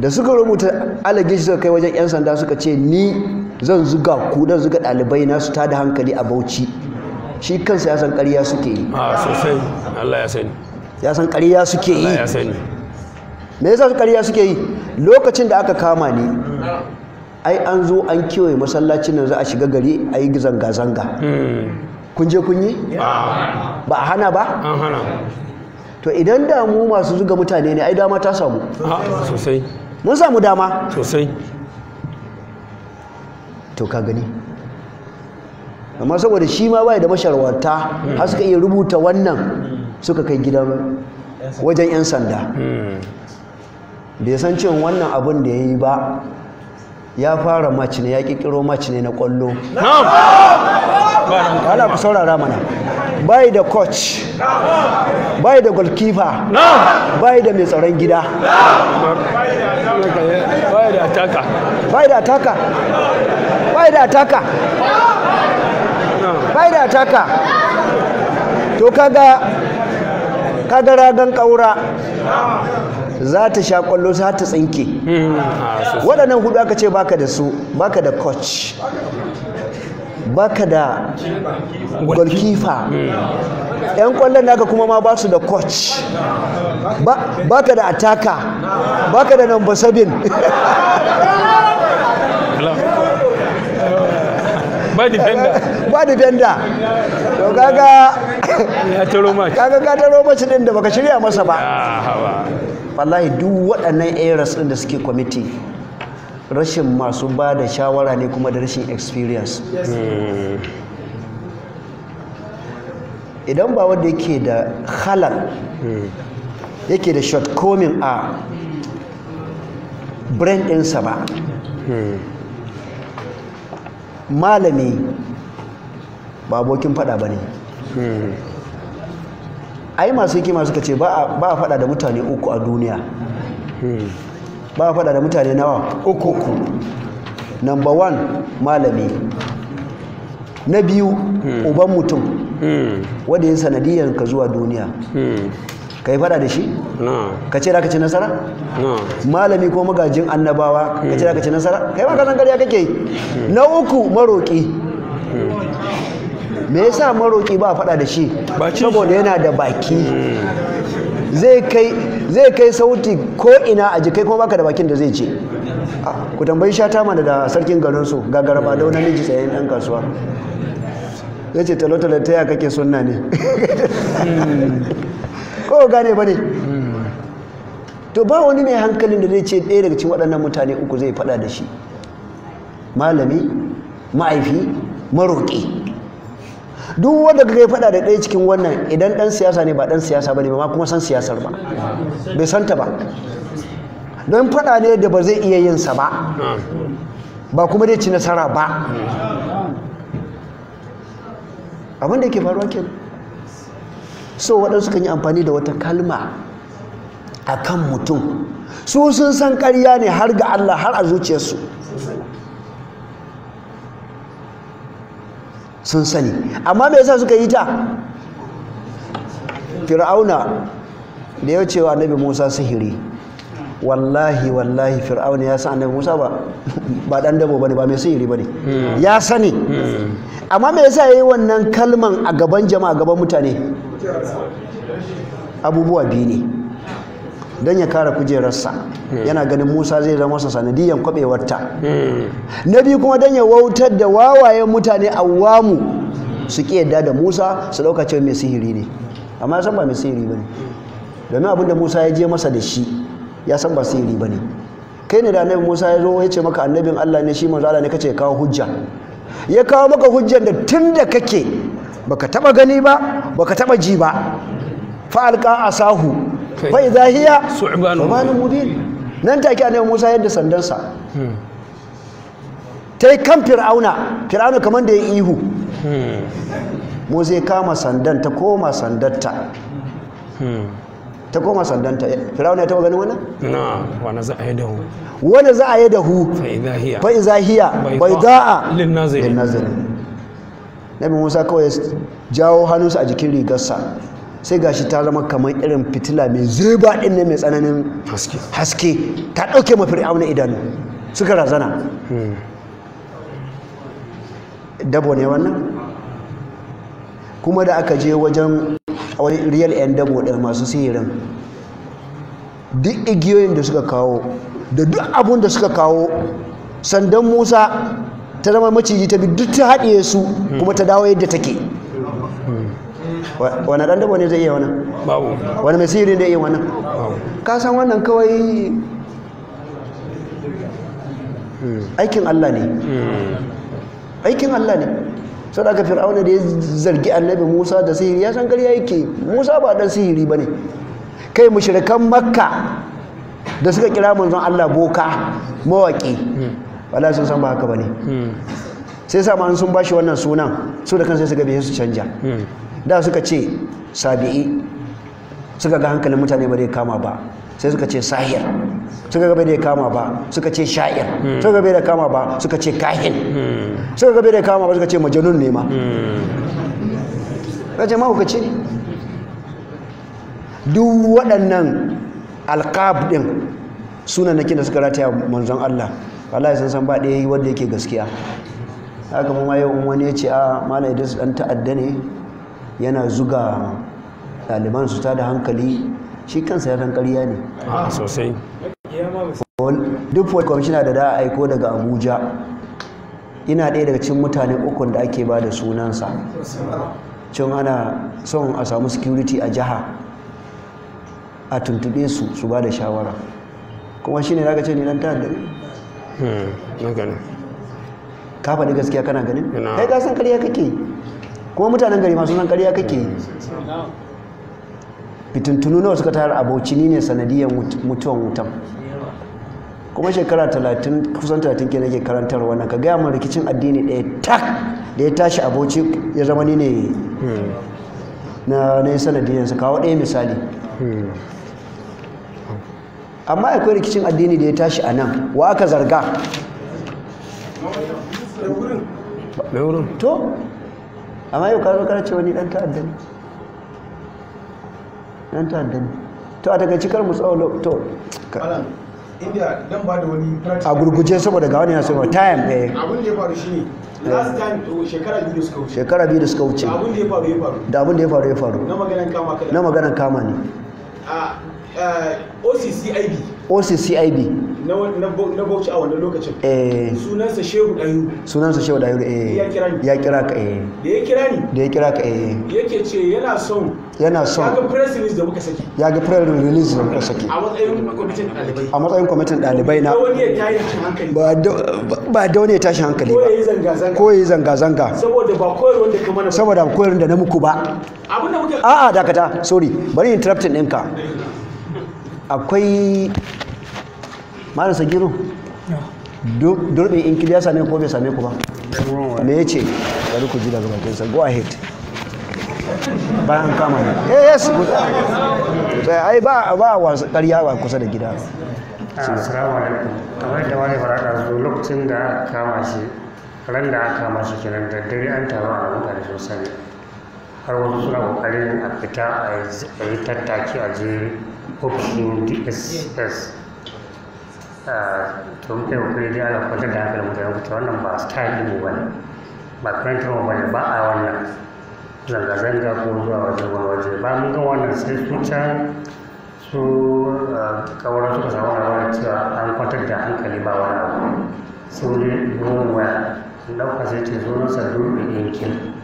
da suka rubuta alage suka kai wajen 'yan sanda suka ce ni zan zuga ku dan zuga ɗalibai na su tada hankali a bauchi shi kansa ya san ƙarya suke yi ah, Allah ya sani ya san ƙarya suke yi Allah ya sani me yasa su ƙarya suke yi lokacin da aka kama ni ai an zo an kewaye masallacin nan za a shiga gari a yi zanga-zanga hmm. kun je kun yi ah. ba a hana ba an hana to idan damu masu zuga mutane ne ai dama ta samu sosai mun samu dama sosai to ka gani amma saboda shi ma bai da masharwata har suka iya rubuta wannan suka kai gidan wajen 'yan sanda hmm. bai san cin wannan abin da ya yi ba ya fara macine ne ya ƙirƙiro na ne na kwallo ala ku saurara mana bai da coach bai da goalkeeper bai da mai tsaron gida bai da ataka bai da ataka bai da ataka bai da ataka to kaga kaga ragan kaura za ta sha kwallo za ta tsinke hmm, ah, waɗannan hudu aka ce baka da su baka da coach baka da golkifa yan kwallon naka kuma ma ba su da coach baka da ataka baka da number seven ba defender ba defender to kaga ya taro match kaga ka taro match din da baka shirya masa ba ah, wallahi duk waɗannan errors din da suke committee rashin masu ba da shawara ne kuma da rashin experience hmm. idan ba wanda yake da halal hmm. yake da shortcoming a brain ɗinsa ba hmm. malami ba abokin fada ba ne ai masu hikima suka ce ba a fada da mutane uku a duniya ba faɗa da mutane nawa uku uku number one malami na biyu hmm. uban mutum hmm. wadda yin sanadiyar ka zuwa duniya hmm. ka yi fada da shi? ka ce da ka ci nasara? malami ko magajin annabawa ka ce da ka ci nasara? ka yi makasan karya kake na uku maroƙi me yasa maroƙi ba fada da shi saboda yana da baki zai kai zai kai sauti ko ina a jikai kuma baka da bakin da zai ce ah, ku tambayi shata mana da sarkin garin su ga garba da wani miji tsayen ɗan kasuwa ya ce talotalo ta ya kake suna ne ko gane ba ne to ba wani mai hankalin da zai ce ɗaya daga cikin waɗannan mutane uku zai faɗa da shi malami ma'aifi maroƙi duk wanda ka kai faɗa da ɗaya cikin wannan idan ɗan siyasa ne ba ɗan siyasa ba ne ba kuma san siyasar ba bai san ta ba don faɗa ne da ba zai iya yin sa ba ba kuma dai ci nasara ba abin da ke faruwa ke so waɗansu kan yi amfani da wata kalma a kan mutum su sun san ƙarya ne har ga Allah har a zuciyarsu sun sani amma me yasa suka yi ta fir'auna da ya cewa annabi musa sihiri wallahi wallahi fir'auna ya san annabi musa ba ba dan dabo bane ba mai sihiri bane hmm. ya sani hmm. amma me yasa yi wannan kalman a gaban jama'a gaban mutane abubuwa biyu ne don ya kara kujerarsa hmm. yana ganin musa zai zama masa sanadiyan kwabewarta hmm. na biyu kuma don ya wautar da wawayen mutane awamu su ki yadda da musa su ɗauka cewa mai sihiri ne amma san ba mai sihiri ba ne domin abin musa ya je masa da shi ya san ba sihiri ba ne kai ne da annabi musa ya zo ya ce maka annabin allah ne shi manzo allah ne kace kawo hujja ya kawo maka hujjar da tun da kake baka taba gani ba baka taba ji ba fa alqa asahu fa idza hiya su'banun mubin nan take annabi Musa yadda sandansa yi kan fir'auna fir'auna kamar da ya ihu mu zai kama sandan ta koma sandanta ta koma sandanta fir'auna ya taba ganin wannan na wani za a yi dahu wani za a yi hu bai zahiya bai a linnazari nabi musa kawai jawo hannunsa a jikin rigarsa sai gashi ta zama kamar irin fitila mai zuba din ne mai tsananin haske ta ɗauke ma fir'auna idanu suka razana hmm. dabo ne wannan kuma da aka je wajen real yan dabo ɗin masu sihirin duk igiyoyin da suka kawo da duk abun da suka kawo sandan musa ta zama maciji ta bi duk ta haɗiye su hmm. kuma ta dawo yadda take wani ɗan dabo ne zai iya wannan wani mai sihiri zai iya wannan ka san wannan kawai aikin Allah ne hmm. aikin Allah ne sau da aka fir'auna da ya zargi annabi musa da sihiri ya san gari ya yake musa ba dan sihiri ba ne kai mushrikan makka da suka kira manzon allah boka mawaƙi wala sun san ba haka ba ne hmm. sai sa ma sun ba shi wannan sunan su da kan sai su bihe su canja hmm. da suka ce sabi'i suka ga hankalin mutane ba zai kama ba sai suka ce sahir suka ga bai da kama ba suka ce sha'ir hmm. suka ga bai da kama ba suka ce kahin hmm. suka ga bai da kama ba suka ce majanun ne ma kace hmm. ma kuka ce duk waɗannan alƙab ɗin sunan nake da suka rataya manzon Allah wallahi sun san ba ɗaya yi wanda yake gaskiya haka kuma yau wani ya ce a ah, mala idris dan ta'adda ne yana zuga ɗaliban su ta da hankali shi kansa ya san ne ah, sosai duk wani kwamishina da da aiko daga abuja ina ɗaya daga cikin mutane ukun da ake ba da sunansa cin ana son a samu security a jiha a tuntube su su ba da shawara kuma shine zaka ce ni nan ta dare hmm, na gani ka faɗi gaskiya kana ganin ya ka san kariya kake kuma mutanen gari masu nan ƙarya kake yi fitintunu nawa suka tarar abauci ne sanadiyar mutuwan wutan kuma shekara 30 kusan talatin ke nake karantar wannan ka gaya mun rikicin addini ɗaya tak da ya tashi aboci ya zama ni ne na na sanadiyar su kawo ɗaya misali amma akwai rikicin addini da ya tashi a nan wa aka zarga to amma yau ka zo kana cewa ni dan ta'adda ne dan ta'adda ne to a daga cikar mu tsawo to inda dan ba da wani a gurguje saboda ga wani na so time eh abin da ya faru shine last time to shekara biyu da suka wuce shekara biyu da suka wuce abin da ya faru ya faru da abin da ya faru ya faru na maganan kama na maganan kama ne OCCIB uh, OCCIB na bauchi a wannan lokacin eh. sunansa shehu dayu sunansa shehu dayu eh. ya kira ni ya kira ka eh. da ya kira ni da ya kira ka eh yake ce yana son yana son ya ga press release da muka saki ya ga press release da muka saki a matsayin kwamitin ɗalibai. a matsayin kwamitin ɗalibai na Ko wani ya tashi hankali. ba da wani ya tashi hankali ba ko ya yi zanga zanga ko ya yi zanga zanga saboda ba koyarwar da ka mana ba. saboda ba koyarwar da na muku ba abin da muka a'a dakata sorry bari interrupting ɗinka akwai marasa sagiru durbin in kiliya same ko bai same ku ba me ya ce bari ku ji daga bakinsa go ahead bayan kama ne eh, yes eh, ai ba ba wasu ƙarya ba kusa da gida ah, assalamu alaikum kamar da wani farada zo lokacin da aka kama shi ran da aka kama shi kenan da dare an taru a mutane sosai har wasu suna kokarin a fita a yi tattaki a jere. Option dss ah, to muka yi kokari dai ana kwantar da hankalin mutane kuta wannan ba style ɗin ba ne ba karantar mu ba ne ba a wannan zanga-zanga ko zuwa waje wani ba mun ga wannan sai su can su ah, kawar suka samu labarin cewa an kwantar da hankali ba wani abu su ne ruwan waya ɗauka sai ce zo nasa dubi ɗinkin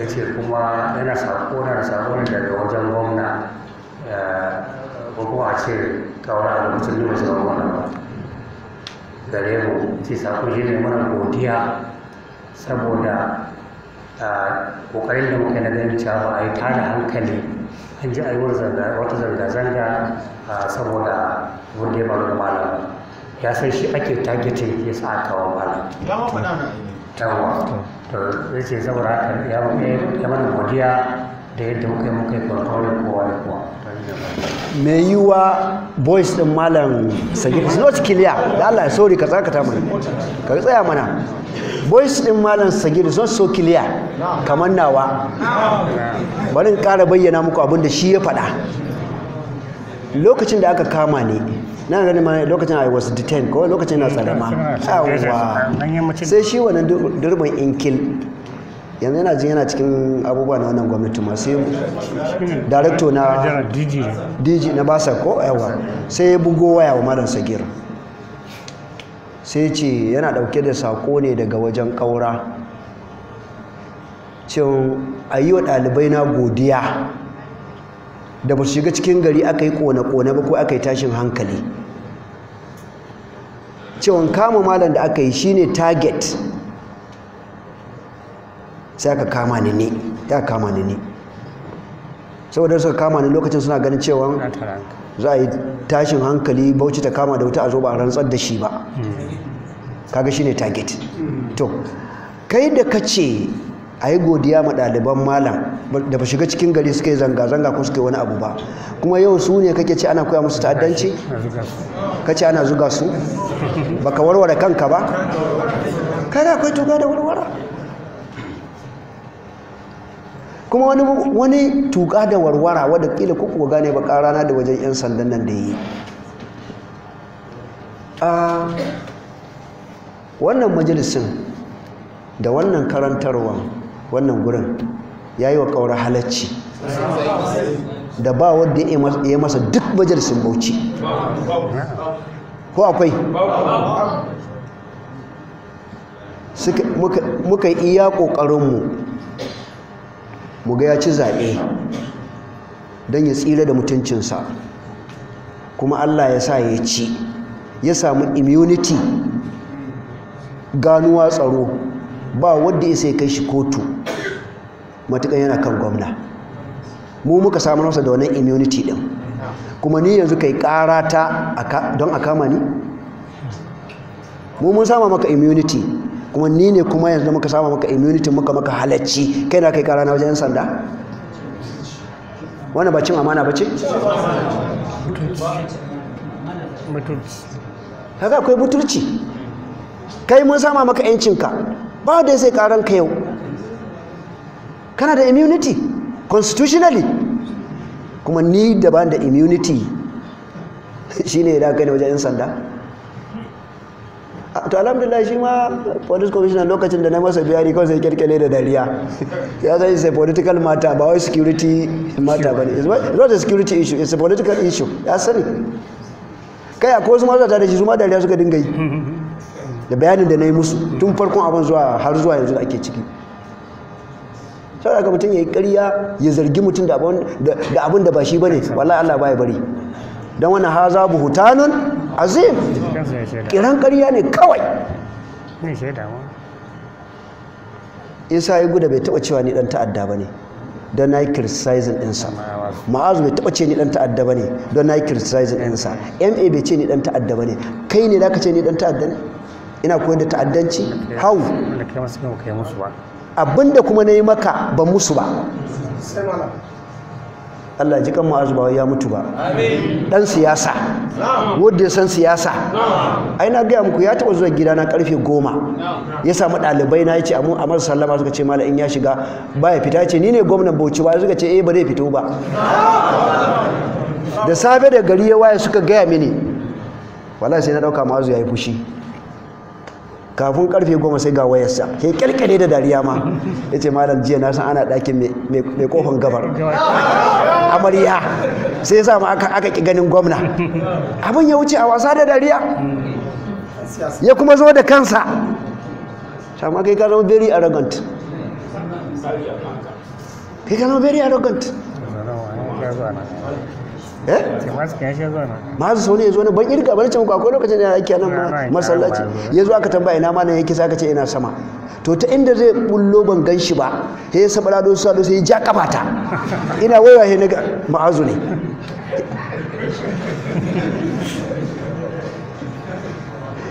ya ce kuma yana sako na da sako daga wajen gwamna ko da mutum ne shiga wannan ba gare mu ci sako shi ne mana godiya saboda kokarin da muka na ganin cewa a yi tada hankali an ji a yi zanga-zanga saboda wanda ya faru da ya san shi ake targeting ya sa aka zai mana godiya da yadda muka kowa da kowa mai wa boys din malam sagir is not clear da Allah sorry ka tsakata mana ka tsaya mana boys din malam sagir is not so clear kamar nawa bari in ƙara bayyana muku abin da shi ya faɗa lokacin da aka kama ne na gani ma lokacin I was detained ko lokacin na tsarama sai shi wannan durban inkil yanzu yana jin yana cikin abubuwa na wannan gwamnati masu darakto na dg na basa ko yawa sai ya bugo waya wa malam sagir sai ce yana dauke da sako ne daga wajen kaura cewa a yi wa ɗalibai na godiya da ba su shiga cikin gari aka yi kone-kone ba ko aka yi tashin hankali cewa kama malam da aka yi shine target sai aka kama ni ne ya kama ni ne saboda suka kama ni lokacin suna ganin cewa za a yi tashin hankali bauchi ta kama da wuta a zo ba a rantsar da shi ba kaga shine target to kai da ka ce a yi godiya ma ɗaliban malam da ba shiga cikin gari suka yi zanga-zanga ko suka yi wani abu ba kuma yau su ne kake ce ana koya musu ta'addanci ka ce ana zuga su baka warware kanka ba kada akwai tuga da warware kuma wani wani tuka da warwara wadda kila kuku kuwa gane ba rana da wajen yan sandan nan da yi a wannan majalisin da wannan karantarwa wannan gurin ya yi wa ƙaura halacci da ba wadda ya masa duk majalisin bauchi ko akwai muka iya ƙoƙarinmu mu ga ya ci zaɓe don ya tsira da mutuncinsa kuma allah ya sa ya ci ya samu immunity ganuwa tsaro ba wadda ya kai shi kotu matuƙan yana kan gwamna mu muka samu masa da wannan immunity din kuma ni yanzu kai ƙara ta don a kama ni mu mun sama maka immunity kuma ni ne kuma yanzu muka sama maka immunity muka maka halacci kai na kai kara na wajen sanda wannan ba cin amana ba ce kaga akwai butulci kai mun sama maka yancinka ba da sai karan ka yau kana da immunity constitutionally kuma ni da ban da immunity shine da kai wajen yan sanda to alhamdulillah shi ma police commissioner lokacin da na masa biyari kawai sai kirkire da dariya ya zai sai political matter ba wai security matter ba ne it's not a security issue it's a political issue ya sani kai akwai wasu mazata da shi su ma dariya suka dinga yi da bayanin da na yi musu tun farkon abin zuwa har zuwa yanzu da ake ciki sau daga mutum ya yi karya ya zargi mutum da abin da ba shi ba ne wallahi allah ba ya bari don wani haza buhutanun azim kiran ƙarya ne kawai isa ya guda bai taɓa cewa ni ɗan ta'adda ba ne don na yi criticizing ɗinsa ma'azu bai taɓa ce ni ɗan ta'adda ba ne don na yi criticizing ɗinsa ma bai ce ni ɗan ta'adda ba ne kai ne ka ce ni ɗan ta'adda ne ina koyar da ta'addanci hau abinda kuma na yi maka ban musu ba Allah ji kan Mu'azu ba ya mutu ba dan siyasa wanda ya san siyasa ai na ga muku ya taba zuwa gida na karfe 10 ya samu dalibai na yace amma Amar sallama suka ce mala in ya shiga baya fita ce ni ne gwamnan Bauchi ba suka ce eh ba zai fito ba da safe da gari ya waye suka gaya mini wallahi sai na dauka ya yi fushi kafin karfe goma sai ga wayarsa ke kyalkyale da dariya ma ya ce malam jiya na san ana ɗakin mai kofan gabar amarya sai ya samu aka ƙi ganin gwamna abin ya wuce a wasa da dariya ya kuma zo da kansa amma kai ka zama very arrogant kai ka zama very arrogant eh masu sauni ya zo nan irga irka bar can akwai lokacin da ake nan masallaci ya zo aka tambaya ina malam yake ka ce ina sama to ta inda zai bullo ban gan shi ba sai ya sabara do sa do sai ya ja kafata ina waya he naga ma'azu ne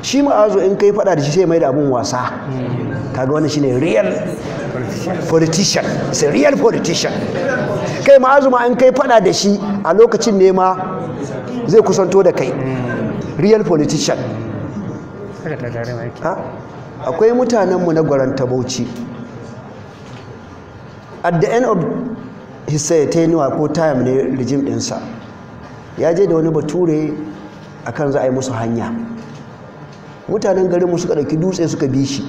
shi ma'azu in kai fada da shi sai mai da abun wasa hmm. kaga wani shine real politician It's a real politician kai ma azuma an kai fada da shi a lokacin ne ma zai kusanto da kai real politician akwai mutanenmu na gwaranta bauchi at the end of his tenure ko time ne regime dinsa ya je da wani bature akan za a yi musu hanya mutanen garinmu suka ɗauki dutse suka bi shi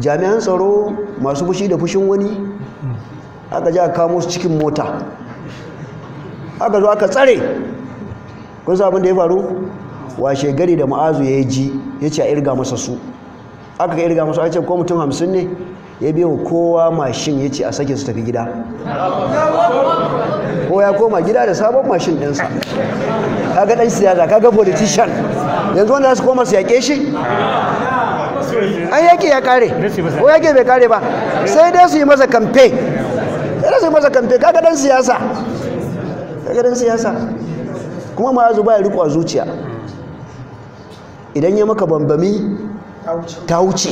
jami'an tsaro masu fushi da fushin wani aka ji a kamo su cikin mota aka zo aka tsare kun sa abin da ya faru washe gari da ma'azu ya ji ya ce a irga masa su aka ka irga masa a ce ko mutum hamsin ne ya biyo kowa mashin ya ce a sake su tafi gida ko ya koma gida da sabon mashin ɗinsa kaga ɗan siyasa kaga politician yanzu wanda za su koma su yaƙe shi an yaƙi ya kare ko yaƙi bai kare ba sai dai su yi masa kamfe sai dai su yi masa kamfe kaga dan siyasa kaga dan siyasa kuma ma ya zuba ya riko a zuciya idan ya maka bambami ta wuce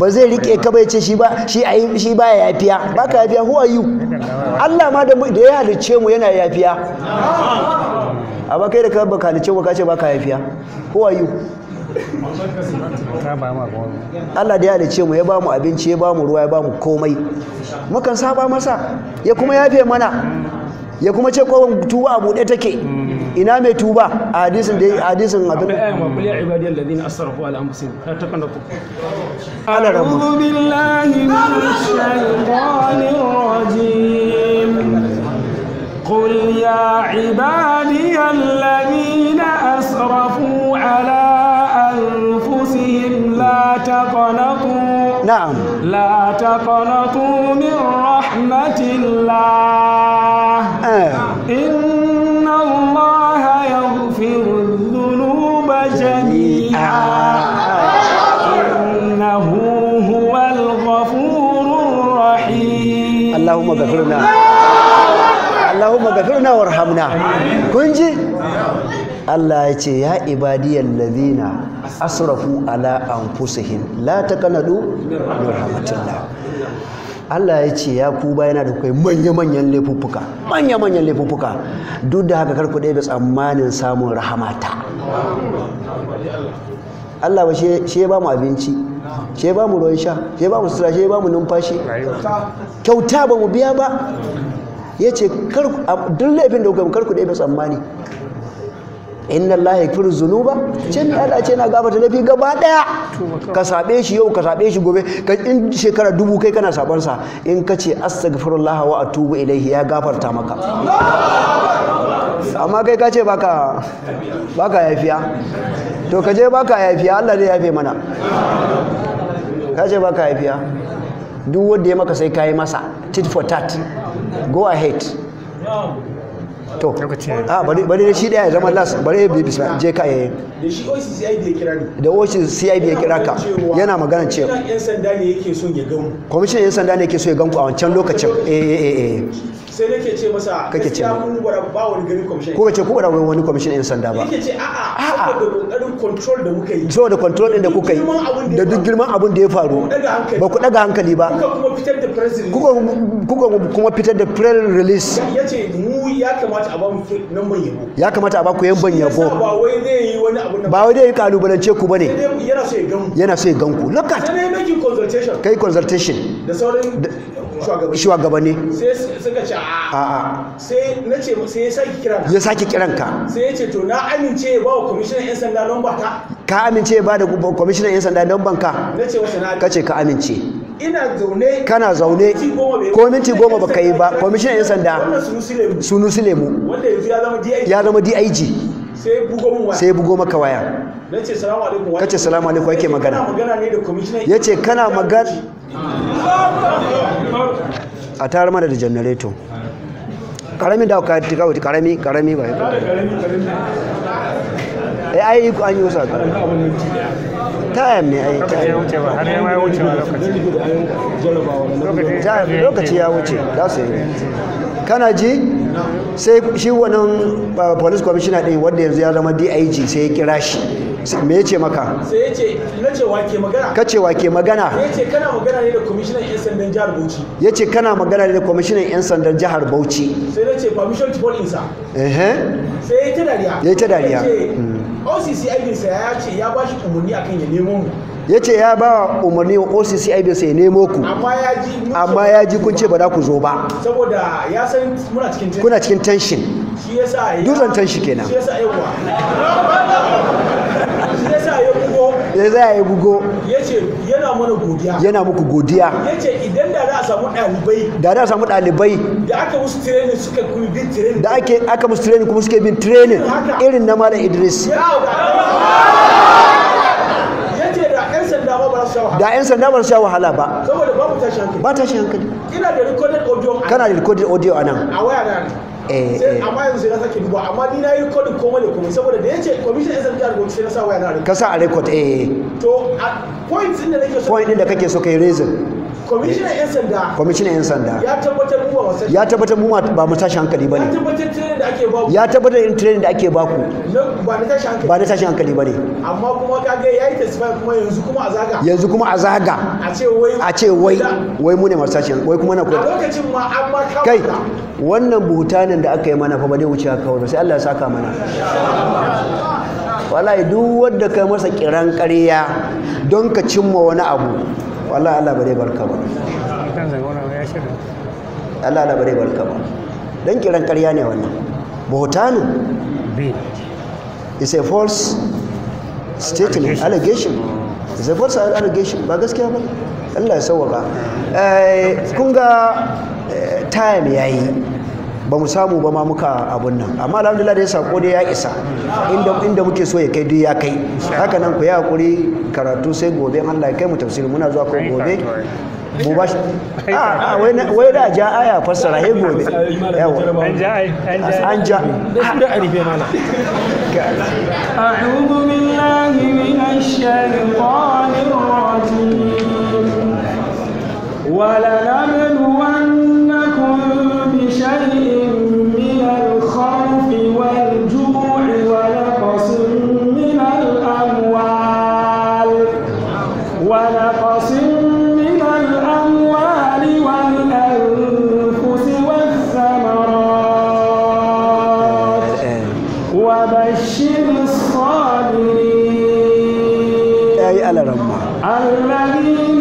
ba zai rike ka bai ce shi ba shi ba ya yafiya ba ka yafiya who are you Allah ma da ya halice mu yana yafiya amma kai da ka baka halicce mu ka ce ba ka yafiya who are you Allah da ya halice mu ya ba mu abinci ya ba mu ruwa ya ba mu komai mukan saba masa ya kuma yafe mana ya kuma ce kowa tuwa a buɗe take ina mai tuba a hadisin da hadisin abin da ayyama kulli ibadi alladhina asrafu ala anfusihim ala rabbi billahi rajim qul ya ibadi alladhina asrafu ala anfusihim la taqnatu na'am la min rahmatillah eh. فيها إنه هو الغفور الرحيم اللهم غفرنا اللهم غفرنا وارحمنا كنجي Allah ya ce ya ibadiyar ladina asrafu ala anfusihim la taqanadu min Allah ya ce ya ku yana da kai manya-manyan laifuffuka manya-manyan laifuffuka duk da haka karku ɗaya da tsammanin samun rahamata Allah ba shi ya ba mu abinci shi ya ba mu ruwan sha shi ya ba mu sutura shi ya ba mu numfashi kyauta ba mu biya ba ya ce duk laifin da kuka karku ɗaya da tsammani inna Allah ya firu zunuba ce mai Allah ce na gafarta laifi gaba daya ka sabe shi yau ka sabe shi gobe ka in shekara dubu kai kana saban sa in ka ce astaghfirullah wa atubu ilaihi ya gafarta maka amma kai ka ce baka baka yafiya to ka je baka yafiya Allah zai yafe mana ka ce baka yafiya duk wanda ya maka sai kai masa tit for tat go ahead to a bari bari shi daya zama las bari da bismillah je ka yayin eh. da shi OCCID ya da ya kira ka yana magana cewa yan sanda ne yake son ya yan sanda ne yake so ya ganku a wancan lokacin eh eh eh, eh. sai nake ce masa kake ce ba wani commission ko kace ku wani commission in sanda ba ce a'a saboda kokarin da muka control da kuka yi da duk girman abin da ya faru ba ku daga hankali ba kuka kuma fitar da press release da release ya kamata a ba mu nan ban ya kamata a ba ku yan ban yabo ba wai zai yi wani abu ba wai zai yi kalubalance ku bane yana yana so ya gan ku look at consultation shugabanni sai suka ce a'a sai na ce sai ya sake kiran ya sake kiran ka sai ya ce to na amince ba wa kwamishinan yan sanda don ta ka amince ba da kwamishinan yan sanda lamban ka na ce wasu na ka ce ka amince ina zaune kana zaune ko minti goma ba ka yi ba kwamishinan yan sanda sunu silemu wanda yanzu ya zama dig sai bugo mu waya sai bugo maka waya nace salamu waya kace salamu alaikum yake ke magana ne da yace kana magana a tare mana da generator karami da ka tika wuti karami karami ba eh ai ku an yi wasa tayan ne ai ta yi wuce ba har ya wuce lokaci lokaci ya wuce za su yi kana ji sai shi wannan uh, police commissioner din wanda yanzu ya zama DIG sai ya kira shi me yace maka sai yace ce wa ke magana kace wa ke magana yace kana magana ne da commissioner yan sandan jihar Bauchi yace kana magana ne da commissioner yan sandan jihar Bauchi sai nace permission to fall insa eh sai yace dariya yace dariya OCC hmm. sai ya ce ya bashi umarni akan ya nemo mu ya ce ya ba umarni wa occ aibin sai nemo ku amma ya ji kun ce ba za ku zo ba saboda ya san muna cikin tension kuna cikin tension shi yasa dutsen tension kenan shi yasa yawa shi yasa ya bugo ya za ya bugo yace yana mana godiya yana muku godiya ya ce idan da za a samu dalibai da za a samu dalibai da aka musu training suka kuma bin training da ake aka musu training kuma suke bin training irin na malam Idris da yan sanda ba sha wahala ba saboda babu tashi hankali ba tashi hankali ina da recorded audio kana da recorded audio anan a waya na eh eh amma yanzu ya sake duba amma ni na yi recording komai da komai saboda da yace commission SMT a rubuce na sa waya na ka sa a record eh to point din da nake so point din da kake so kai reason kwamishinan eh, 'yan sanda kwamishinan 'yan sanda ya tabbatar mu ba wasa ya tabbatar mu ba mu tashi hankali ya tabbatar yin training da ake baku ba na tashi hankali ba na tashi hankali bane amma kuma kage yayi testify kuma yanzu kuma a zaga yanzu kuma a zaga a ce wai wai mune mu ne masu tashi wai kuma na kuma a lokacin ma an kai wannan buhutanin da aka yi mana fa ba dai wuce haka kawai sai Allah ya saka mana wallahi duk wadda kai masa kiran ƙarya don ka cimma wani abu wallahi Allah bare barka ba Allah Allah bare barka ba dan kiran ƙarya ne wannan buhtanu is a false statement allegation is a false allegation ba gaskiya ba Allah ya sauwaka eh, kun ga eh, time yayi ba mu samu ba ma muka abun nan amma alhamdulillah ya sako dai ya isa inda inda muke so ya kai duk ya kai haka nan ku ya hakuri karatu sai gobe Allah ya kai mu tafsiri muna zuwa ko gobe mu ba shi ah, ah, wai da ja aya fassara he gobe yawa an ja an ja da arife mana a'udhu billahi وبشر الصابرين أي على ربنا الذين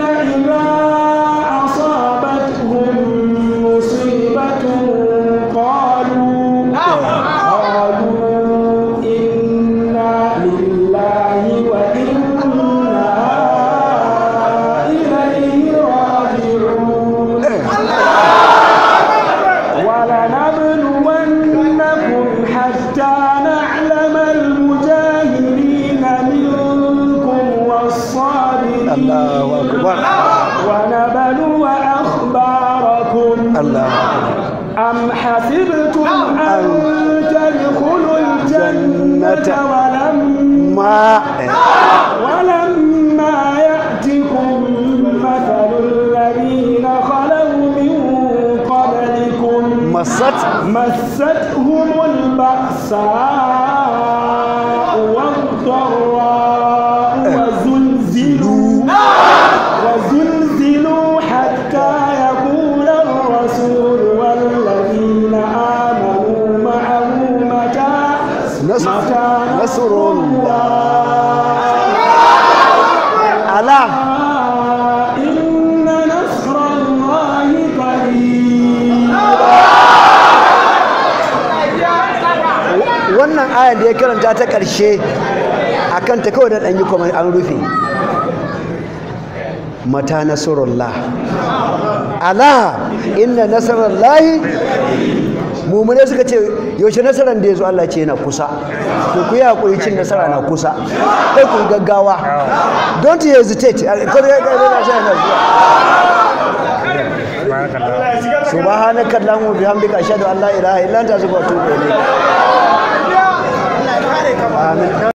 ta ƙarshe a kanta kawai da ɗanyi kuma an rufe mata Allah! ala inna nasarallahi mummune suka ce yaushe nasarar da ya zo Allah ce yana kusa to ku yi hakuri cin nasara na kusa kai ku gaggawa don't hesitate subhanakallahumma bihamdika ashhadu an la ilaha illa anta astaghfiruka wa atubu ilayk Amen.